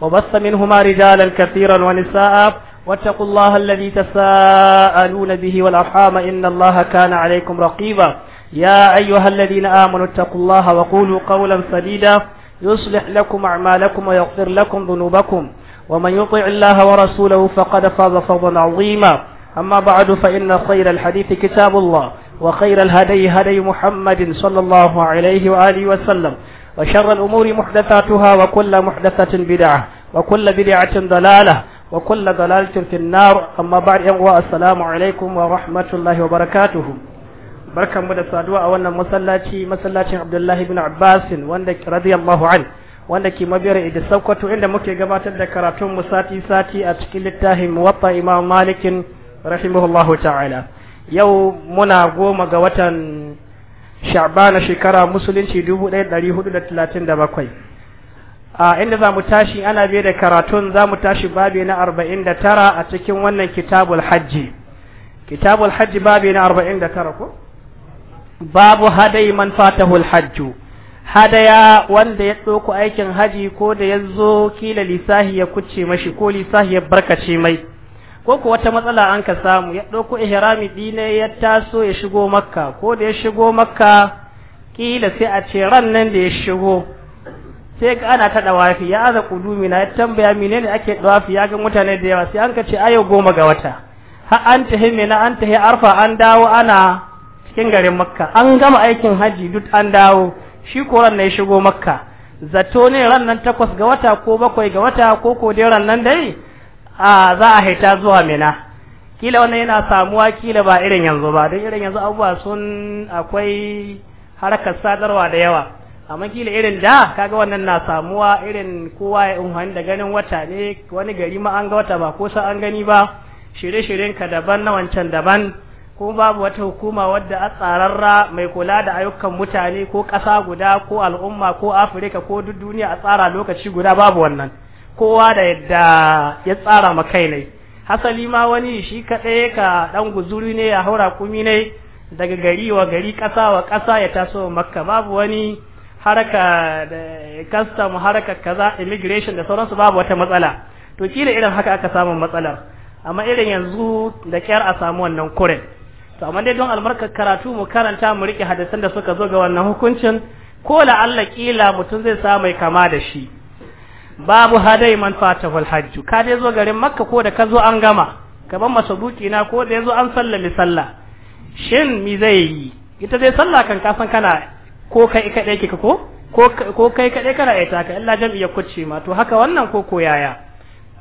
وبث منهما رجالا كثيرا ونساء واتقوا الله الذي تساءلون به والأرحام إن الله كان عليكم رقيبا يا أيها الذين آمنوا اتقوا الله وقولوا قولا سديدا يصلح لكم أعمالكم ويغفر لكم ذنوبكم ومن يطع الله ورسوله فقد فاز فوضا عظيما أما بعد فإن خير الحديث كتاب الله وخير الهدي هدي محمد صلى الله عليه وآله وسلم وشر الأمور محدثاتها وكل محدثة بدعة وكل بدعة ضلالة وكل ضلالة في النار أما بعد يوم السلام عليكم ورحمة الله وبركاته بركة مدى سادوة وانا مسلاتي مسلاتي عبد الله بن عباس وانا رضي الله عنه wanda ke mabiyar idis saukwato inda muke gabatar da karatun mu sati sati a cikin littafin muwatta imam malikin rahimahullahu ta'ala yau muna goma ga watan sha'ban shekara musulunci 1437 a inda za mu tashi ana biye da karatun za mu tashi babi na arba'in da tara a cikin wannan kitabul hajji kitabul hajji babi na arba'in da tara ko babu hadai man fatahul hajju hadaya wanda ya ɗauko aikin haji ko da ya zo kila lisahi ya kuce mashi ko lisahi ya barkace mai ko ko wata matsala an ka samu ya ɗauko ihrami dine ya taso ya shigo makka ko da ya shigo makka kila sai a ce ran nan da ya shigo sai ga ana ta dawafi ya aza kudumi na ya tambaya menene ake dawafi ya ga mutane da yawa sai an ka ce ayo goma ga wata ha an tahi mina an tahi arfa an dawo ana cikin garin makka an gama aikin haji duk an dawo shi koran ne shigo makka zato ne ran nan takwas ga wata ko bakwai ga wata ko ko dai ran nan dai a za a haita zuwa mina kila wannan yana samuwa kila ba irin yanzu ba don irin yanzu abubuwa sun akwai harkar sadarwa da yawa amma kila irin da kaga wannan na samuwa irin kowa ya unhan da ganin wata ne wani gari ma an ga wata ba ko sa an gani ba shirye-shiryen ka daban na wancan daban ko babu wata hukuma wadda a tsararra mai kula da ayyukan mutane ko ƙasa guda ko al'umma ko afirka ko duk duniya a tsara lokaci guda babu wannan kowa da yadda ya tsara ma kai ne hasali ma wani shi kaɗai ka ɗan guzuri ne ya haura kumi ne daga gari wa gari ƙasa wa ƙasa ya taso makka babu wani haraka da custom haraka kaza immigration da sauransu babu wata matsala to kila irin haka aka samu matsalar amma irin yanzu da kyar a samu wannan kuren to amma dai don albarkar karatu mu karanta mu rike hadisan da suka zo ga wannan hukuncin ko la Allah kila mutum zai samu mai kama da shi babu hadai man fatahul hajj ka dai zo garin makka ko da ka zo an gama kaban masabuki na ko da yazo an sallami sallah shin mi zai yi ita dai sallah kan kasan kana ko kai kadai kika ko ko kai kadai kana ai taka illa jam'iyyar kucce ma to haka wannan ko ko yaya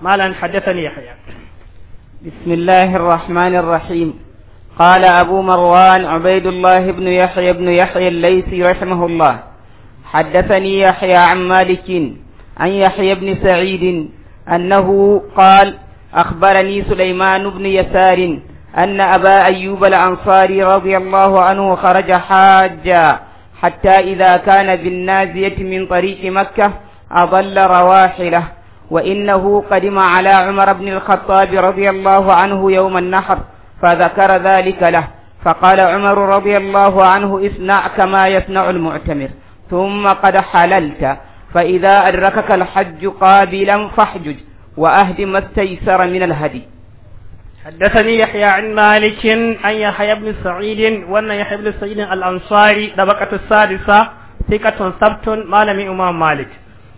malan haddathani yahya بسم الله الرحمن الرحيم قال أبو مروان عبيد الله بن يحيى بن يحيى الليثي رحمه الله حدثني يحيى عن مالك عن يحيى بن سعيد أنه قال أخبرني سليمان بن يسار أن أبا أيوب الأنصاري رضي الله عنه خرج حاجا حتى إذا كان بالنازية من طريق مكة أضل رواحله وإنه قدم على عمر بن الخطاب رضي الله عنه يوم النحر فذكر ذلك له فقال عمر رضي الله عنه اصنع كما يصنع المعتمر ثم قد حللت فإذا أدركك الحج قابلا فاحجج وأهدم ما استيسر من الهدي حدثني يحيى عن مالك عن يحيى بن سعيد وأن يحيى بن سعيد الأنصاري طبقة السادسة ثقة سبت مالم إمام مالك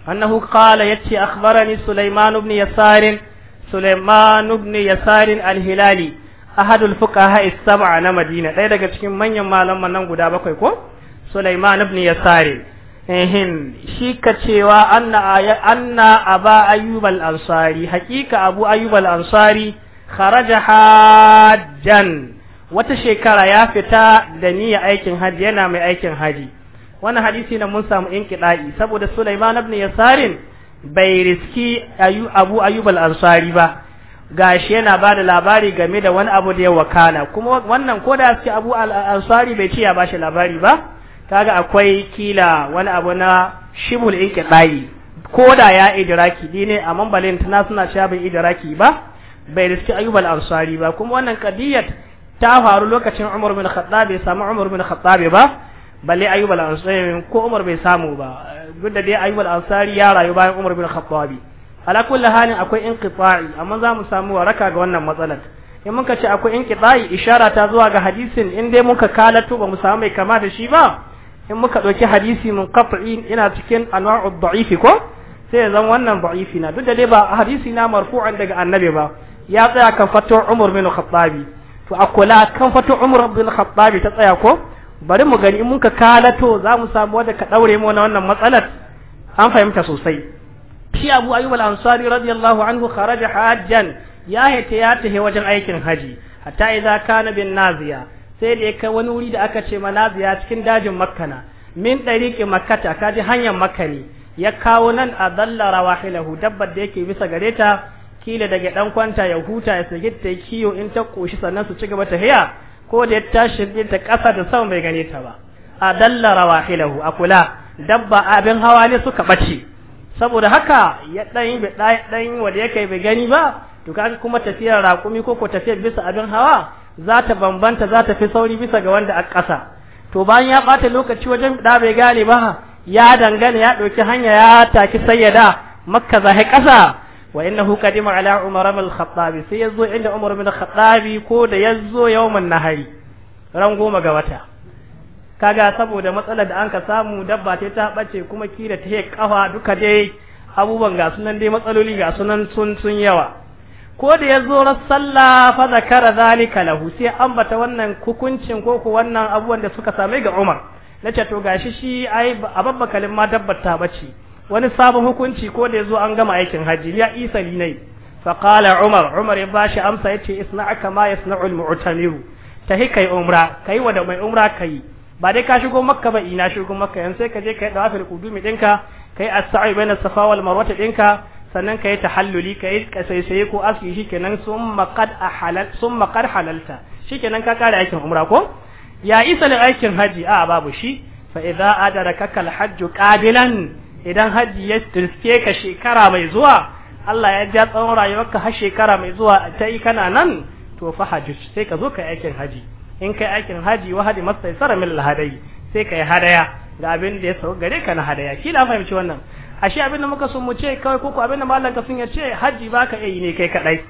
أنه قال يتي أخبرني سليمان بن يسار سليمان بن يسار الهلالي أحد الفقهاء السبعة na Madina ɗaya daga cikin manyan malaman nan guda bakwai ko Sulaiman ibn Yasari ehin shi ka cewa anna anna aba ayyub al-ansari hakika abu ayyub al-ansari kharaja hajjan wata shekara ya fita da niyya aikin haji yana mai aikin haji wannan hadisi na mun samu inqida'i saboda Sulaiman ibn Yasarin bai riski Abu Ayyub al-Ansari ba gashi yana ba da labari game da wani abu da ya wakana kuma wannan ko da suke Abu al-Ansari bai ciya ya shi labari ba kaga akwai kila wani abu na shibul inqida'i ko da ya idraki dine amma balin tana suna shabin idraki ba bai riski ayyubal ansari ba kuma wannan kadiyat ta faru lokacin umar bin khattab bai samu umar bin khattab ba balle ayyubal ansari ko umar bai samu ba duk da dai ayyubal ansari ya rayu bayan umar bin khattab ala kulli halin akwai inqita'i amma za mu samu waraka ga wannan matsalar in muka ce akwai inqita'i ishara ta zuwa ga hadisin in dai muka kalato ba mu samu mai kama da shi ba in muka dauki hadisi mun qat'i ina cikin anwa'ud da'ifi ko sai zan wannan da'ifi na duk da dai ba hadisi na marfu'an daga annabi ba ya tsaya kan fatuwar umar bin khattabi to a kula kan fatuwar umar bin khattabi ta tsaya ko bari mu gani in mun ka kalato za mu samu wadda ka daure mu na wannan matsalar an fahimta sosai shi abu ayyub al-ansari radiyallahu anhu kharaja hajjan ya hita ya tahe wajen aikin haji hatta idza kana bin naziya sai da ya kai wani wuri da aka ce manaziya cikin dajin makkana min dariqi makkata kaji hanyar makani ya kawo nan a dalla rawahilahu dabbar da yake bisa gareta kila daga dan kwanta ya huta ya sagitta ta kiyo in ta koshi sannan su ci gaba ta haya ko da ya tashi ta ƙasa da sama bai gane ta ba a dalla rawahilahu a kula dabba abin hawa ne suka bace saboda haka ya dan bi dan wanda yake bai gani ba to kaga kuma tafiyar raƙumi ko ko tafiyar bisa abin hawa za ta bambanta za ta fi sauri bisa ga wanda a ƙasa to bayan ya bata lokaci wajen da bai gane ba ya dangane ya ɗauki hanya ya taki sayyada makka zahe ƙasa wa innahu qadima ala umar bin al-khattab sai yazo inda umar bin al-khattab ko da yazo yawman nahari ran goma ga wata kaga saboda matsalar da anka samu dabba ta ta bace kuma kira ta he kafa duka dai abubuwan ga sunan dai matsaloli ga sunan sun sun yawa ko da yazo rasalla sallah fa zakara zalika lahu sai ambata wannan hukuncin ko ko wannan abubuwan da suka same ga Umar nace to gashi shi ai a babba kalin ma dabbar ta bace wani sabon hukunci ko da yazo an gama aikin haji ya isa linai fa qala umar umar ya bashi amsa yace isna'a kama yasna'u al-mu'tamiru tahi kai umra kai wa da mai umra kai ba dai ka shigo makka ba ina shigo makka yan sai ka je kai dawafil qudumi dinka kai as-sa'i baina safa wal marwa dinka sannan kai tahalluli kai ka sai sai ko aski shikenan summa qad ahalal summa qad halalta shikenan ka kare aikin umra ko ya isa aikin haji a babu shi fa idza adaraka al-hajju qadilan idan hajji ya turske ka shekara mai zuwa Allah ya ja tsawon rayuwarka har shekara mai zuwa ta yi kana nan to fa hajji sai ka zo ka aikin haji in ka yi aikin haji wa hadi masai sara min lahadai sai ka yi hadaya da abin da ya sau gare ka na hadaya shi da fahimci wannan ashe abin da muka so mu ce kawai koko abin da mallan ka sun ya ce haji ba ka yi ne kai kadai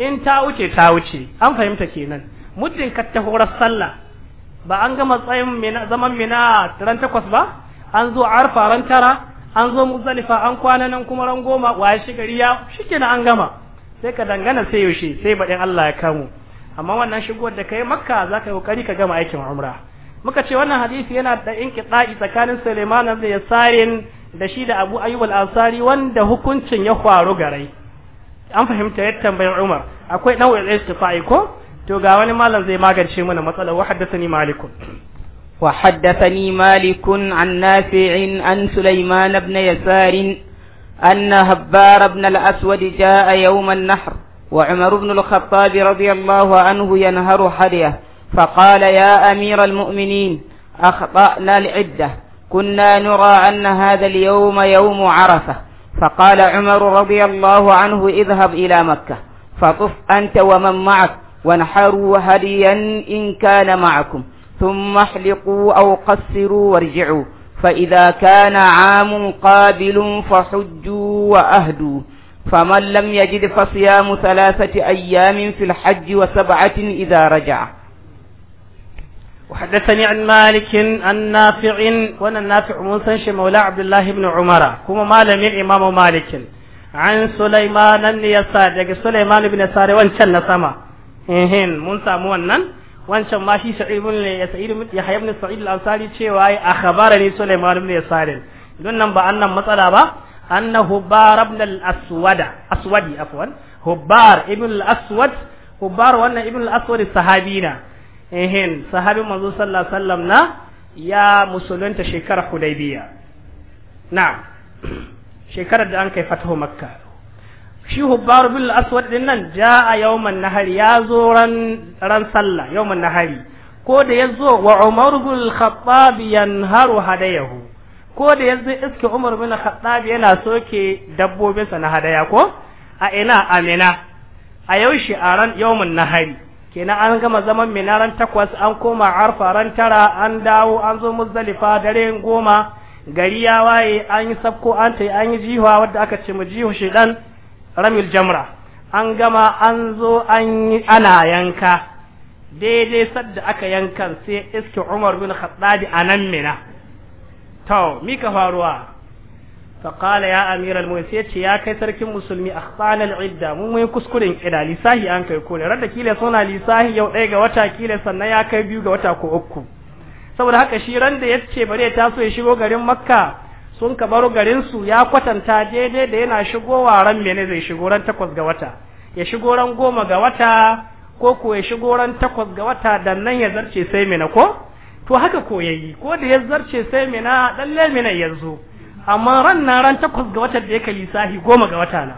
in ta wuce ta wuce an fahimta kenan muddin ka ta horar sallah ba an gama tsayin zaman mina ran takwas ba an zo arfa ran tara an zo muzalifa an kwana nan kuma ran goma waye shi gari ya shike an gama sai ka dangana sai yaushe sai baɗin Allah ya kamu amma wannan shigowar da kai makka za ka yi kokari ka gama aikin umra muka ce wannan hadisi yana da inqita'i tsakanin Sulaiman da Yasarin da shi da Abu Ayyub al-Ansari wanda hukuncin ya faru garai an fahimta yadda tambayar Umar akwai nau'in istifa'i ko to ga wani malam zai magance mana matsalar wa haddathani malikun وحدثني مالك عن نافع عن سليمان بن يسار أن هبار بن الأسود جاء يوم النحر وعمر بن الخطاب رضي الله عنه ينهر حريه فقال يا أمير المؤمنين أخطأنا العدة كنا نرى أن هذا اليوم يوم عرفة فقال عمر رضي الله عنه اذهب إلى مكة فطف أنت ومن معك وانحروا هديا إن كان معكم ثم احلقوا أو قصروا وارجعوا فإذا كان عام قابل فحجوا وأهدوا فمن لم يجد فصيام ثلاثة أيام في الحج وسبعة إذا رجع وحدثني عن مالك عن نافع وانا نافع منسنش مولى عبد الله بن عمر كما مالم الإمام مالك عن سليمان بن يسار سليمان بن يسار وانشن سما إيهن منسى مونن wancan ma shi sa'id ibn sa'id ibn yahya ibn sa'id al-ansari cewa ai akhbarani sulaiman ibn yasar don nan ba annan matsala ba anna hubbar ibn al-aswada aswadi afwan hubar ibn al-aswad hubar wannan ibn al-aswad sahabina ehin sahabin manzo sallallahu alaihi wasallam na ya musulunta shekara hudaybiya na shekarar da an kai fatahu makka shi hubbaru bil aswad din nan jaa yawman nahari ya zo ran ran sallah yawman nahari ko da yazo wa umar bil khattab yanharu hadayahu ko da yazo iske umar bin khattab yana soke dabbobinsa na hadaya ko a ina amina a yau shi a ran yawman nahari kenan an gama zaman minaran takwas an koma arfa ran tara an dawo an zo muzdalifa dare goma gari ya waye an yi sabko an tai an yi jihuwa wadda aka ce mu jihu shedan ramil jamra an gama an zo an yi ana yanka daidai sadda aka yankan sai iske umar bin khattabi a nan mina to mi ka faruwa fa ya amir al mu'min ya kai sarkin musulmi akhsan al mun mai kuskuren ida lisahi an kai kore radda kila suna lisahi yau ɗaya ga wata kila sannan ya kai biyu ga wata ko uku saboda haka shi ran da yace bare ta so ya shigo garin makka sun ka baro garinsu ya kwatanta daidai da yana shigowa ran mene zai shigo ran takwas ga wata ya shigo ran goma ga wata ko ko ya shigo ran takwas ga wata dan nan ya zarce sai na ko to haka ko yayi ko da ya zarce sai mina lalle mina yanzu amma ran na ran takwas ga wata da yake lisahi goma ga wata na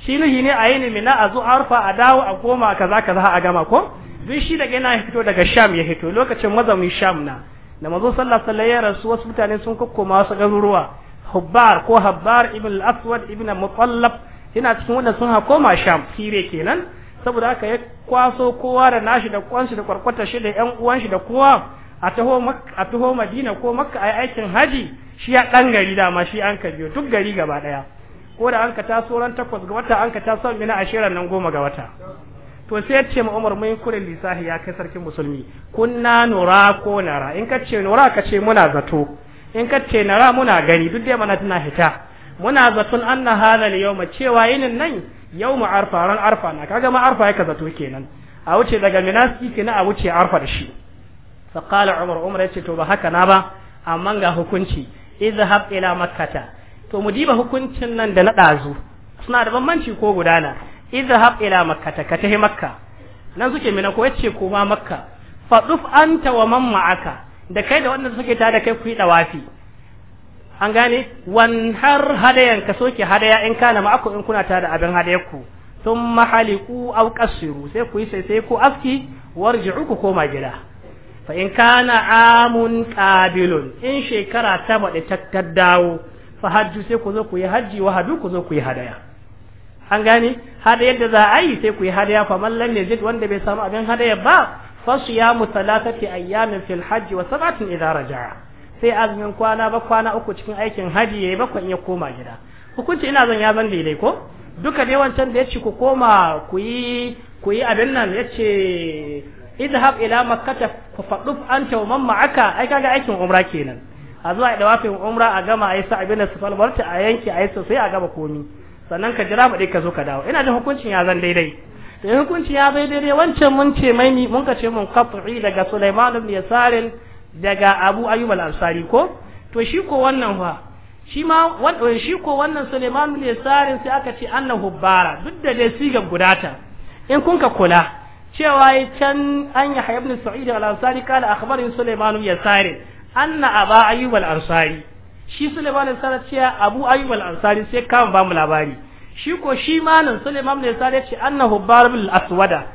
shi ne ne a yini mina a zo arfa a dawo a goma kaza kaza a gama ko duk shi daga yana fito daga sham ya fito lokacin mazamin sham na da mazo sallallahu alaihi wasallam rasu wasu mutane sun kokkoma wasu garuruwa hubbar ko habbar ibn al-aswad ibn mutallab yana cikin wanda sun ha koma sham sire kenan saboda haka ya kwaso kowa da nashi da kwansu da kwarkwata shi da yan uwan shi da kowa a taho a taho madina ko makka ai aikin haji shi ya dan gari dama shi an ka biyo duk gari gaba daya ko da an ka taso ran takwas ga wata an ka taso mina ashirar nan goma ga wata to sai ya ce ma Umar mun kure lisahi ya kai sarkin musulmi kunna nura ko nara in ka ce nura ka ce muna zato in ka ce nara muna gani duk dai mana tana hita muna zaton anna hadha al-yawma cewa yinin nan yawma arfa ran arfa na kaga ma arfa yake zato kenan a wuce daga minasi kenan a wuce arfa da shi fa qala Umar Umar yace to ba haka na ba amma ga hukunci izhab ila makkata to mu diba hukuncin nan da na dazu suna da bambanci ko gudana idhab ila makkata ka makka nan suke mina ko yace ko ma makka faduf anta wa man ma'aka da kai da wanda suke tare da kai ku yi dawafi an gane wan har hadayan ka soke hadaya in kana ma'akum in kuna tare da abin ku sun mahaliku au kasiru sai ku yi sai sai ku aski warji'u ku koma gida fa in kana amun qabilun in shekara ta bada ta dawo fa hajju sai ku zo ku yi hajji wa hadu ku zo ku yi hadaya an gani hada yadda za a yi sai ku yi hadaya fa mallan ne wanda bai samu abin hadaya ba fa siyamu thalathati ayyamin fil hajji wa sab'atin idza raja'a sai azumin kwana ba kwana uku cikin aikin haji yayi bakwai ya koma gida hukunci ina zan ya zan daidai ko duka dai wancan da yace ku koma ku yi ku yi abin nan yace idhab ila makkata fa faduf anta wa man ma'aka ai kaga aikin umra kenan a zuwa da wafin umra a gama a yi sa abin da su a yanki a yi sosai a gama komi sannan ka jira baɗi ka zo ka dawo ina da hukuncin ya zan daidai da hukuncin ya zai daidai wancan mun ce mai ni mun ka ce mun kafi daga Sulaiman ibn Yasarin daga Abu Ayyub al-Ansari ko to shi ko wannan fa shi ma shi ko wannan Sulaiman ibn Yasarin sai aka ce annahu bara duk da dai sigar gudata in kun ka kula cewa can an yi ibn Sa'id al-Ansari kala akhbarin Sulaiman ibn Yasarin anna Aba Ayyub al-Ansari shi Suleiman al-Ansari ce Abu Ayyub al-Ansari sai kama ba mu labari shi ko shi malam Suleiman al-Ansari ya ce annahu barbil aswada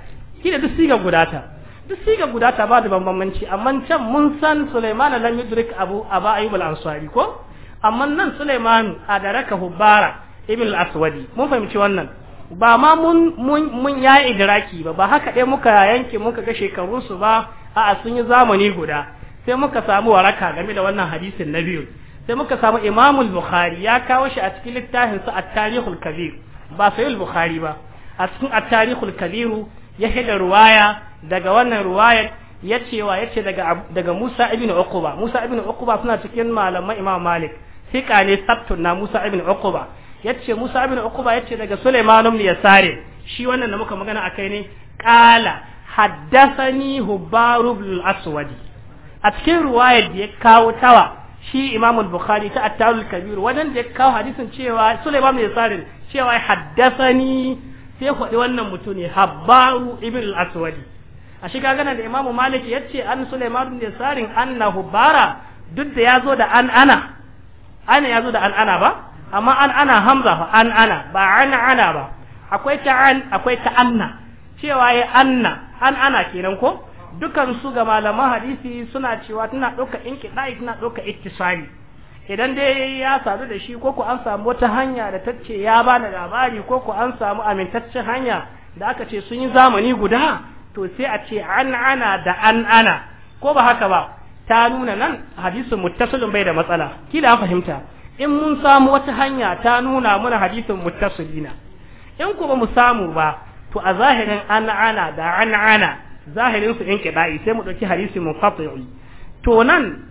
kida duk siga gudata duk siga gudata ba da bambanci amma can mun san Suleiman lam yudrik Abu Aba Ayyub al-Ansari ko amma nan Suleiman adaraka hubbara ibn al-aswadi mun fahimci wannan ba ma mun mun mun ya idraki ba ba haka dai muka yanke muka ga shekarunsu ba a'a sun yi zamani guda sai muka samu waraka game da wannan hadisin na biyu sai muka samu imamul bukhari ya kawo shi a cikin littafin sa at-tarihul kabir ba sai bukhari ba a cikin at-tarihul kabir ya hada ruwaya daga wannan ruwayar ya cewa yace daga daga Musa ibn Uqba Musa ibn Uqba suna cikin malaman Imam Malik fiqa ne sabtun na Musa ibn Uqba yace Musa ibn Uqba yace daga Sulaiman ibn Yasari shi wannan da muka magana akai ne qala haddathani Hubar ibn al-Aswadi a cikin ruwayar da ya kawo tawa shi Imam bukhari ta At-Tarul Kabir wannan da kawo hadisin cewa Sulaiman bin Sarin cewa haddathani sai faɗi wannan mutune Habbaru ibn al-Aswadi a shi gana da Imam Malik yace an Sulaiman bin Sarin annahu bara duk da yazo da an ana ana yazo da an ana ba amma an ana hamza fa an ana ba an ana ba akwai ta an akwai ta anna cewa ya anna an ana kenan ko dukansu ga malaman hadisi suna cewa tana ɗauka inkiɗa'i tana ɗauka ittisali idan dai ya sadu da shi ko ku an samu wata hanya da tacce ya bani labari ko ku an samu amintaccen hanya da aka ce sun yi zamani guda to sai a ce an ana da an ana ko ba haka ba ta nuna nan hadisin muttasilin bai da matsala kila fahimta in mun samu wata hanya ta nuna muna hadisin muttasilina in ku ba mu samu ba to a zahirin an ana da an ana zahirin su inqida'i sai mu dauki hadisi munqati'i to nan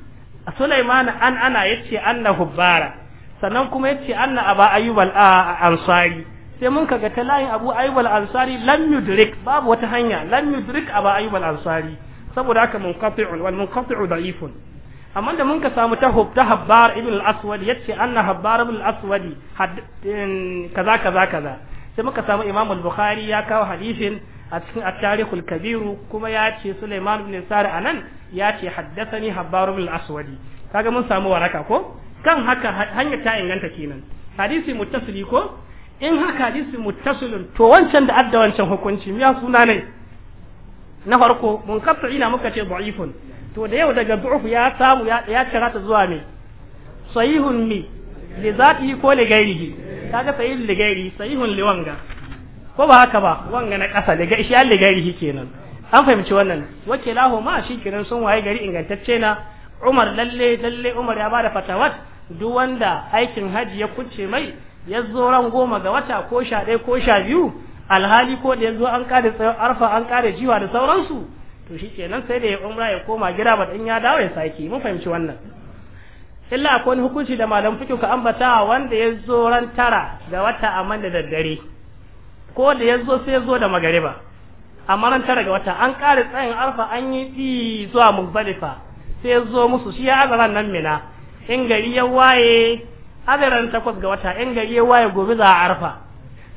Sulaiman an ana yace anna hubbara sannan kuma yace anna aba ayyub al ansari sai mun kaga ta layin abu ayyub al ansari lam yudrik babu wata hanya lam yudrik aba ayyub al ansari saboda haka munqati'un wal munqati'u da'ifun amma da mun ka samu ta hubta habbar ibn al-aswad yace anna habbar ibn al-aswad eh, kaza kaza kaza sai muka samu imam al-bukhari ya kawo hadisin a cikin at-tarikhul kabiru kuma ya ce Sulaiman ibn a anan ya ce haddathani Habbar ibn al-Aswadi kaga mun samu waraka ko kan haka hanya ta inganta kenan hadisi muttasili ko in haka hadisi muttasilin to wancan da adda wancan hukunci ya suna ne na farko mun kafa ina muka ce da'ifun to da yau daga du'uf ya samu ya cira ta zuwa ne sahihun mi li zati ko li gairihi kaga sahihun li gairi sahihun li wanga ko ba haka ba wanga na ƙasa daga shi an shi kenan an fahimci wannan wake laho ma shi kenan sun waye gari ingantacce na Umar lalle lalle Umar ya bada fatawat duk wanda aikin hajji ya kunce mai ya zo ran goma ga wata ko sha ɗaya ko sha biyu alhali ko da ya zo an kare tsayon arfa an kare jiwa da sauransu to shi kenan sai da ya umra ya koma gida ba in ya dawo ya sake mun fahimci wannan illa akwai wani hukunci da malam fikin ka ambata wanda ya zo ran tara ga wata amma da daddare ko da ya zo sai ya zo da magariba amma ran tara ga wata an kare tsayin arfa an yi ɗi zuwa muzdalifa sai ya zo musu shi ya azaran nan mina in gari ya waye azaran takwas ga wata in gari ya waye gobe za a arfa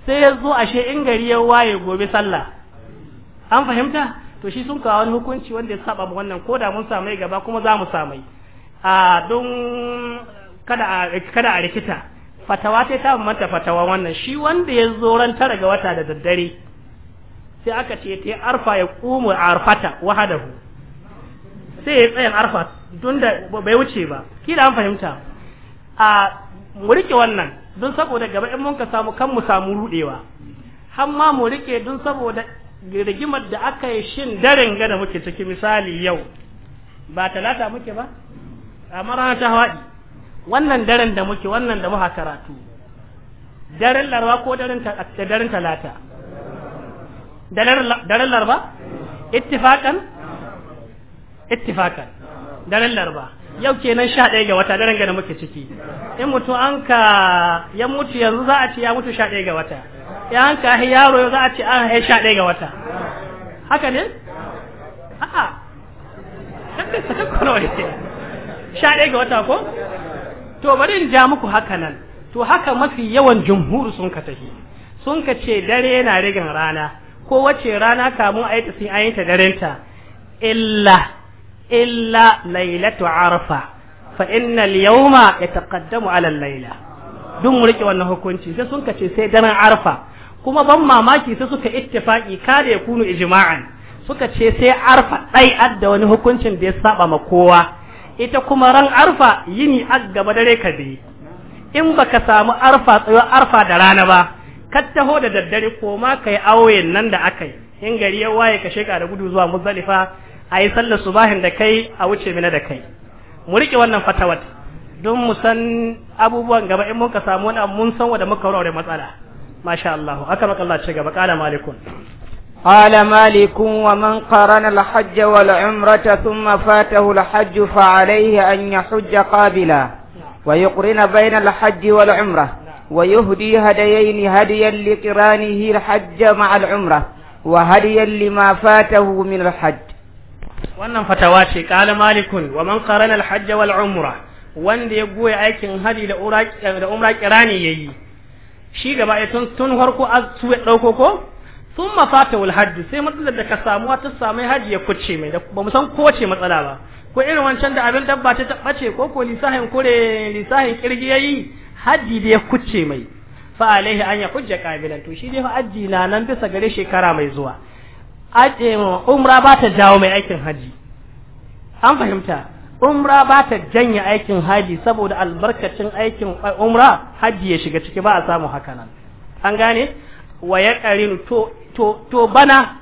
sai ya zo ashe in gari ya waye gobe sallah an fahimta to shi sun kawo wani hukunci wanda ya saba wannan ko da mun samai gaba kuma za mu samai a ah, don kada a rikita fatawa sai ta manta fatawa wannan shi wanda ya zo ran tara ga wata da daddare sai aka ce ta arfa ya kumu arfata wahadahu sai ya tsayan arfa don da bai wuce ba ki da an fahimta a mu rike wannan don saboda gaba in mun ka samu kan mu samu rudewa har ma mu rike don saboda rigimar da aka yi shin daren ga da muke ciki misali yau ba talata muke ba amma rana ta hawaɗi wannan daren da muke wannan da muka karatu daren larba ko daren talata daren larba ittifaqan ittifaqan daren larba yau kenan sha ɗaya ga wata daren ga da muke ciki in mutu anka, ya mutu yanzu za a ce ya mutu sha ɗaya ga wata ya anka ya yaro za a ce an ha sha ɗaya ga wata haka ne? a'a sha ɗaya ga wata ko? to bari in ja muku haka nan to haka mafi yawan jumhur sun ka tafi sun ka ce dare yana rigin rana ko wace rana kamun a yi ta sun ayyanta darenta illa illa lailatu arfa fa inna al-yawma yataqaddamu ala al-laila dun mu rike wannan hukunci sai sun ce sai daren arfa kuma ban mamaki sai suka ittifaki kada ya kunu ijma'an suka ce sai arfa dai adda wani hukuncin da ya saba ma kowa ita kuma ran arfa yini a gaba dare ka bi in baka samu arfa tsayo arfa da rana ba ka taho da daddare ko ma kai auyen nan da aka yi in gari ya waye ka sheka da gudu zuwa muzalifa a yi sallar subahin da kai a wuce mina da kai mu riƙe wannan fatawat don mu san abubuwan gaba in mun ka samu wani mun san wanda muka wurare matsala masha Allah aka maka Allah ce gaba malikun قال مالك ومن قرن الحج والعمرة ثم فاته الحج فعليه أن يحج قابلا ويقرن بين الحج والعمرة ويهدي هديين هديا لقرانه الحج مع العمرة وهديا لما فاته من الحج wannan fatawa kala malikun wa man qarana al-hajj wal umra wanda ya goye aikin haji da umra da yayi shi gaba tun tun farko azu ya dauko ko sun mafata wal hajji sai matsalar da ka samu ta samu hajji ya kuce mai da ba mu san ko matsala ba ko irin wancan da abin dabba ta ce ko ko lisahin kure lisahin kirgi yayi hajji da ya kuce mai fa alaihi an ya kujja kabilan to shi dai fa hajji na nan bisa gare shekara mai zuwa aje umra ba ta jawo mai aikin hajji an fahimta umra ba ta janye aikin hajji saboda albarkacin aikin umra hajji ya shiga ciki ba a samu nan an gane wa ya to to to bana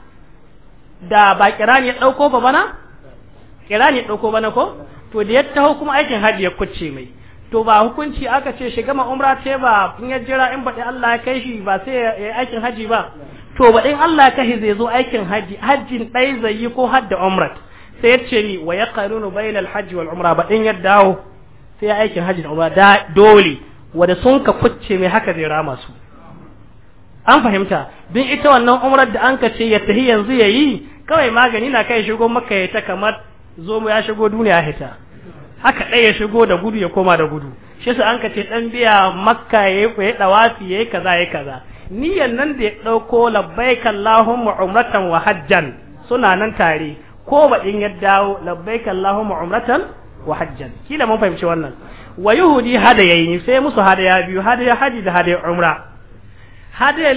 da ba kirani ya dauko ba bana kirani ya dauko bana ko to da ya taho kuma aikin hajji ya kucce mai to ba hukunci aka ce shiga ma umra ce ba in ya jira in baɗi Allah ya kai shi ba sai ya yi aikin hajji ba to baɗin Allah ya kai zai zo aikin hajji hajjin ɗai zai yi ko hadda umra sai ya ce ni wa ya kanunu bayan alhaji wal umra baɗin ya dawo sai ya aikin hajji da umra da dole wanda sun ka kucce mai haka zai rama su an fahimta don ita wannan umrar da an ce ya tahi yanzu ya yi kawai magani na kai shigo maka ya ta kamar zo mu ya shigo duniya hita haka ɗaya ya shigo da gudu ya koma da gudu shi su an kace dan biya makka yayi da wasi ya yi kaza yi kaza niyan nan da ya dauko labbaik allahumma umratan wa hajjan suna nan tare ko ba in ya dawo labbaik allahumma umratan wa hajjan kila mun fahimci wannan wa yuhudi yi sai musu hada ya biyu hada ya haji da hada ya umra hada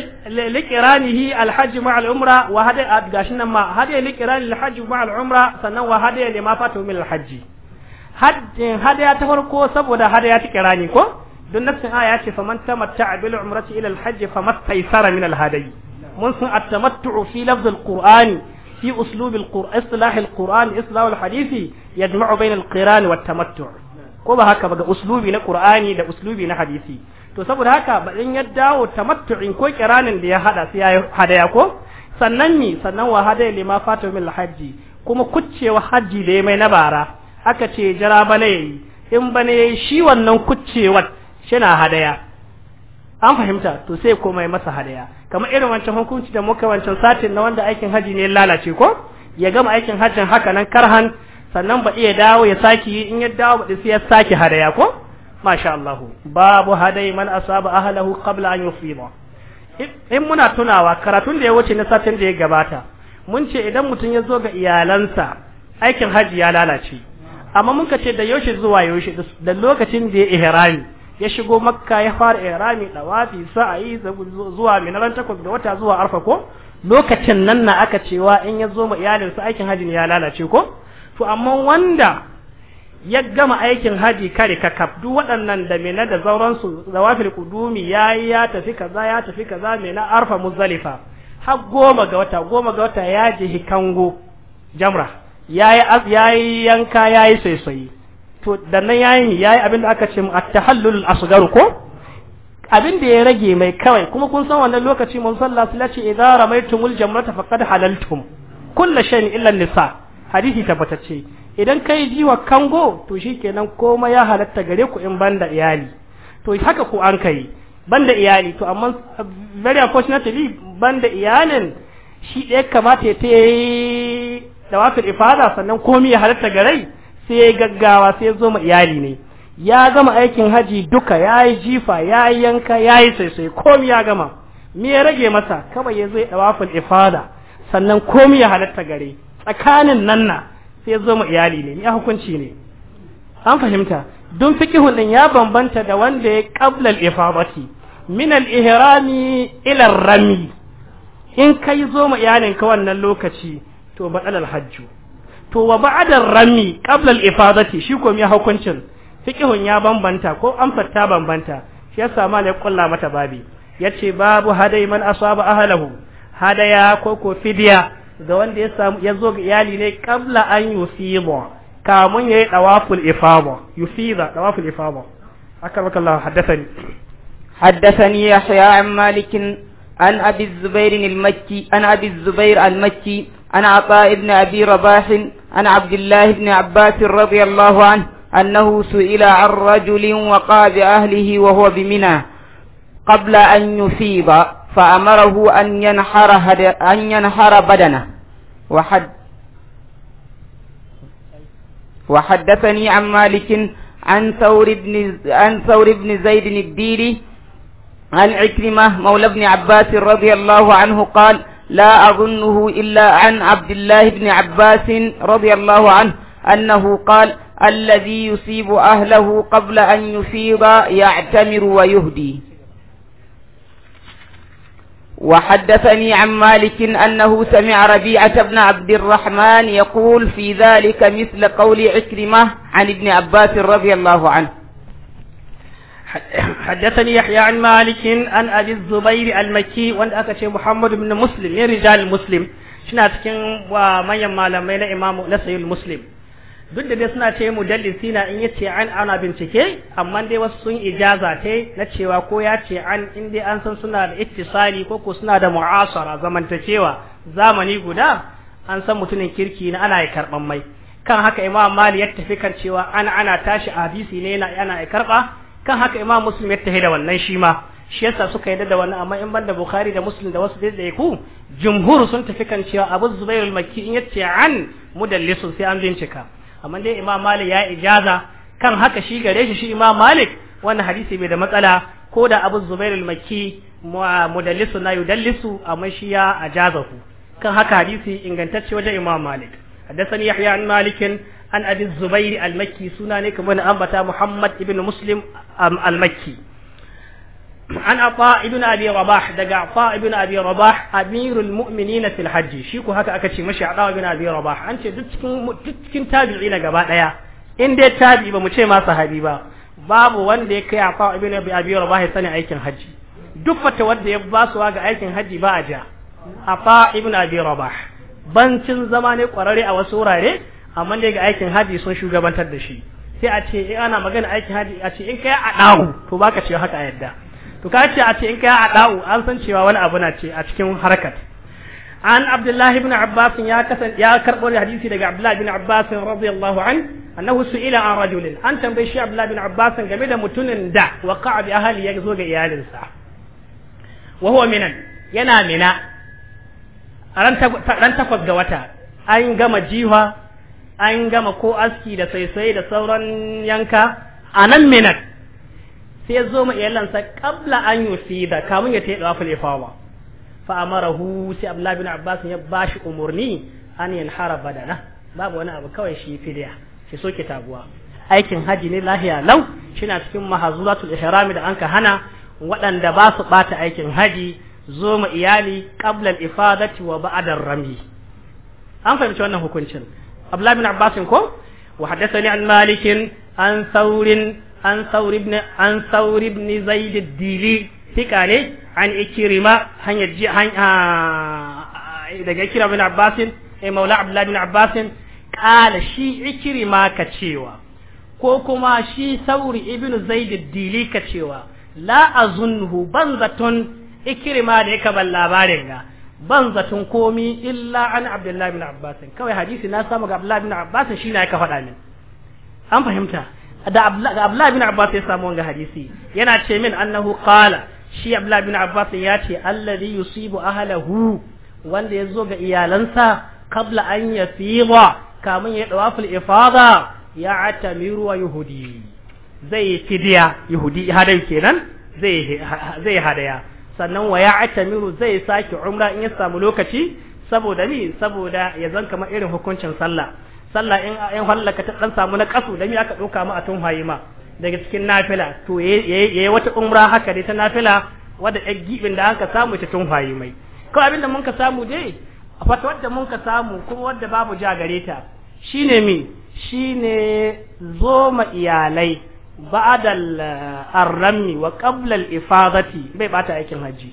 liqiranihi alhajj ma al-umra wa hada gashin nan ma hada liqirani alhajj ma umra sannan wa hada lima fatu min alhajj hadaya ta farko saboda hadaya ta kirani ko don nafsin aya ce faman tamatta'a bil umrati ila alhajj famastaysara min alhadayi mun sun at fi lafz al fi uslub al islah islah hadisi yajma'u bayna al wa at ko ba haka ba ga uslubi na qur'ani da uslubi na hadisi to saboda haka ba in ya dawo tamattu'in ko kiranin da ya hada sai ya hadaya ko sannan ni sannan wa hadaya lima fatu min hajji kuma kuccewa hajji da ya mai na bara aka ce jira bane yayi in bane yayi shi wannan shi na hadaya an fahimta to sai ko mai masa hadaya kamar irin wancan hukunci da muka wancan satin na wanda aikin haji ne lalace ko ya gama aikin hajjin haka nan karhan sannan ba iya dawo ya saki in ya dawo ba sai ya saki hadaya ko ma sha Allah babu hadai man asaba ahlahu qabla an yufima in muna tunawa karatun da ya wuce na satin da ya gabata mun ce idan mutum ya zo ga iyalansa aikin haji ya lalace amma mun ce da yaushe zuwa yaushe da lokacin da ya ihrami ya shigo makka ya fara ihrami wafi sa'i zuwa minaran takwas ga wata zuwa arfa ko lokacin nan na aka cewa in ya zo ma iyalinsa aikin hajji ya lalace ko to amma wanda ya gama aikin haji kare kakaf duk waɗannan da mena da zauransu zawafil kudumi yi ya tafi kaza ya tafi kaza mena arfa muzalifa har goma ga wata goma ga wata ya je hikango jamra yayi yayi yanka yayi saisayi to da nan yayi yayi abin da aka ce mu at-tahallul asghar ko abin da ya rage mai kawai kuma kun san wannan lokaci mun sallah salati idza ramaitumul jamrata faqad halaltum kullu shay'in illa nisa hadisi tabbatacce idan kai wa kango to shikenan komai ya halatta gare ku in banda iyali to haka ku an kai banda iyali to amma very unfortunately banda iyalin shi ɗaya kamata ya ta yi da wafil ifada sannan komai ya halatta gare sai ya gaggawa sai ya zo ma iyali ne ya gama aikin haji duka ya yi jifa ya yi yanka ya yi saisai komai ya gama me ya rage masa kawai ya zai dawafin ifada sannan komai ya halatta gare tsakanin nan na sai ya zo mu iyali ne ya hukunci ne an fahimta don fikihun din ya bambanta da wanda ya qabla al-ifadati min al-ihrami ila rami in kai zo mu iyalin ka wannan lokaci to badal al-hajju to wa ba'd al rami qabla al-ifadati shi ko ya hukuncin fikihun ya bambanta ko an fatta bambanta shi yasa malai kulla mata babi yace babu hadai man asaba ahlahu hadaya ko ko fidiya ga wanda ya samu ya zo ga iyali ne kabla an yusiba kamun yayi dawaful ifada yusida dawaful ifada akaraka Allah haddathani haddathani yahya an malik an abi zubair al-makki an abi zubair al-makki an ata ibn abi rabah an abdullah ibn abbas radiyallahu anhu أنه سئل عن رجل وقع بأهله وهو بمنى قبل أن يفيض فأمره أن ينحر هد... أن ينحر بدنه وحد وحدثني عن مالك عن ثور بن عن ثور بن زيد الديري عن عكرمة مولى ابن عباس رضي الله عنه قال لا أظنه إلا عن عبد الله بن عباس رضي الله عنه أنه قال الذي يصيب أهله قبل أن يفيض يعتمر ويهدي وحدثني عن مالك أنه سمع ربيعة بن عبد الرحمن يقول في ذلك مثل قول عكرمة عن ابن عباس رضي الله عنه حدثني يحيى عن مالك أن أبي الزبير المكي وأن أكشي محمد بن مسلم من رجال المسلم شنا تكين ومن يمال من إمام نسي المسلم duk da dai suna ce mudallisi na in yace an ana bincike amma dai wasu sun ijaza ta na cewa ko ya ce an in dai an san suna da ittisali ko ko suna da mu'asara zamantakewa zamani guda an san mutumin kirki na ana ya karban mai kan haka imam mali ya tafi kan cewa an ana tashi a hadisi ne yana ana ya karba kan haka imam muslim ya tafi da wannan shi ma shi yasa suka yadda da wannan amma in banda bukhari da muslim da wasu da ku jumhur sun tafi kan cewa abu zubairul makki in yace an mudallisu sai an bincika amma dai imam malik ya ijaza kan haka shi gare shi shi imam malik wannan hadisi bai da matsala ko da abu zubair al-makki mudallisu na yudallisu amma shi ya ku. kan haka hadisi ingantacce wajen imam malik حدثني يحيى عن مالك عن suna ne المكي سنانك من انبت محمد ابن مسلم المكي an afa ibn abi rabah daga afa ibn abi rabah amirul mu'minin fil shi ko haka aka ce mashi afa ibn abi rabah an ce duk cikin tabi'i na gaba ɗaya in dai tabi'i ba mu ce masa sahabi ba babu wanda ya kai a ibn abi rabah ya sani aikin hajji duk fata wanda ya ba su ga aikin hajji ba a ja afa ibn abi rabah bancin zama ne ƙwararre a wasu wurare amma dai ga aikin hajji sun shugabantar da shi sai a ce in ana magana aikin hajji a ce in kai a dawo to baka ce haka a yadda to ka ce a ce in kai a da'u an san cewa wani abu na ce a cikin harkat an abdullahi ibn abbas ya kasan ya karbo hadisi daga abdullahi ibn abbas radiyallahu an annahu su'ila an rajulin an tambaye shi abdullahi ibn abbas game da mutumin da waqa'a bi ahli ya zo ga iyalinsa wa huwa minan yana mina ran takwas ga wata an gama jiha an gama ko aski da saisai da sauran yanka a nan sai zo ma iyalansa kabla an da kamun ya wafin dawaful fama fa hu sai abdullahi bin abbas ya bashi umarni an hara badana babu wani abu kawai shi fidiya shi soke taguwa aikin haji ne lahiya lau shina cikin mahazuratul ihrami da an ka hana waɗanda ba su bata aikin haji zo ma iyali kabla al-ifadati wa ba'da rami an fahimci wannan hukuncin abdullahi bin abbas ko wa وحدثني an malikin an saurin. an saur ibn an saur ibn zaid ad-dili tika ne an ikrima hanyar ji han daga ikrima bin abbas eh maula abdullah bin abbas qala shi ikrima ka cewa ko kuma shi sauri ibn zaid ad-dili ka cewa la azunhu ban zaton ikrima da yake ban labarin ga ban zaton komi illa an abdullahi bin abbas kawai hadisi na samu ga abdullahi bin abbas shi ne aka faɗa min an fahimta da Abdullah bin Abbas ya samu wanga hadisi yana ce min annahu qala shi Abdullah bin Abbas ya ce alladhi yusibu ahlahu wanda yazo zo ga iyalansa kabla an yafiwa kamun ya dawaful ifada ya atamiru wa yahudi zai fidiya yahudi hadan kenan zai zai hadaya sannan wa ya atamiru zai sake umra in ya samu lokaci saboda ni saboda ya zan kamar irin hukuncin sallah sallah in in hallaka ta dan samu na kasu da mi aka ɗauka mu a tun ma daga cikin nafila to yayi wata umra haka dai ta nafila wanda ɗan gibin da aka samu ta tun haye ko abin da mun ka samu dai a fata wadda mun ka samu kuma wadda babu ja gare ta shine mi shine zo ma iyalai ba'dal eh, arrami wa qabla al-ifadati bai bata aikin haji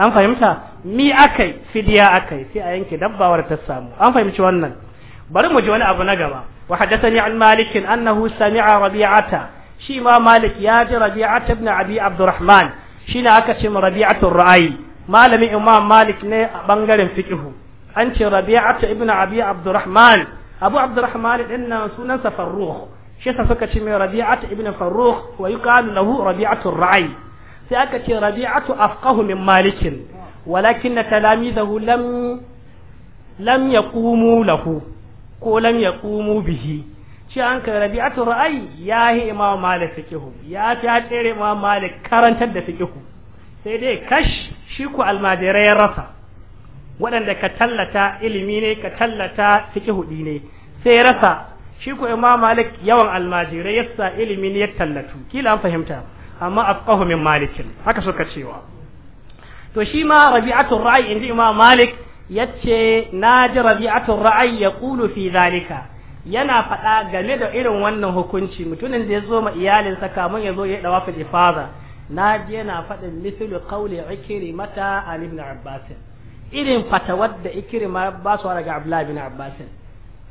an fahimta mi akai fidiya akai sai a yanke dabbawar ta samu an fahimci wannan bari mu ji wani abu na gaba wa haddathani an malik annahu sami'a rabi'ata shi ma malik ya ji rabi'ata ibn abi abdurrahman shi ne aka ce rabi'atul ra'ayi malamin imam malik ne a bangaren fiqhu an ce rabi'ata ibn abi abdurrahman abu abdurrahman din nan sunan sa farruh shi sa suka ce mai rabi'ata ibn farruh wa yuqalu lahu rabi'atu ra'ayi sai aka ce rabi'atu afqahu min malikin walakin talamizahu lam lam yaqumu lahu ko lam kumu bihi shi an kai rabi'atu ra'ayi ya yi imam malik fiqhu ya ta tsere imam malik karantar da fiqhu sai dai kash shi ku almajirai ya rasa waɗanda ka tallata ilimi ne ka tallata fiqhu ne sai ya rasa shi ku imam malik yawan almajirai yasa ilimi ne ya tallatu kila an fahimta amma afqahu min malikin haka suka cewa to shi ma rabi'atu ra'ayi inda imam malik yace na ji rabi'atul ra'ay yaqulu fi zalika yana fada game da irin wannan hukunci mutumin da ya ma iyalin sa kamun yazo ya dawa fi ifaza na ji yana fadin mithlu qawli ikrimata ali ibn abbas irin fatawar da ikrima ba su daga abdullah ibn abbas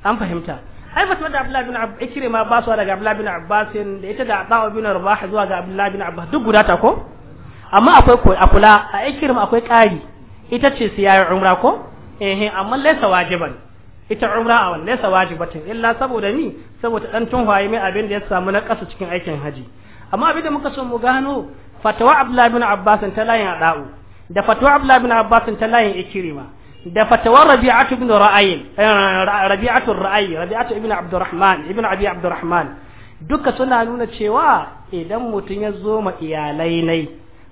an fahimta ai fatawar da abdullah ibn abbas ikrima ba su daga abdullah ibn abbas da ita da dawo bin rabah zuwa ga abdullah ibn abbas duk guda ta ko amma akwai a kula a ikrima akwai ƙari ita ce sai yi umra ko eh amma laysa wajiban ita umra a wannan laysa wajibatin illa saboda ni saboda dan tunhaye mai abin da ya samu na kasu cikin aikin haji amma abin da muka so mu gano fatawa abdullahi bin abbas ta layin ada'u da fatawa abdullahi bin abbas ta layin ikrima da fatawar rabi'atu ibn ra'ayin eh, rabi'atu ra'ayi rabi'atu ibn abdurrahman ibn abi abdurrahman duka suna nuna cewa idan mutum ya zo ma iyalai nai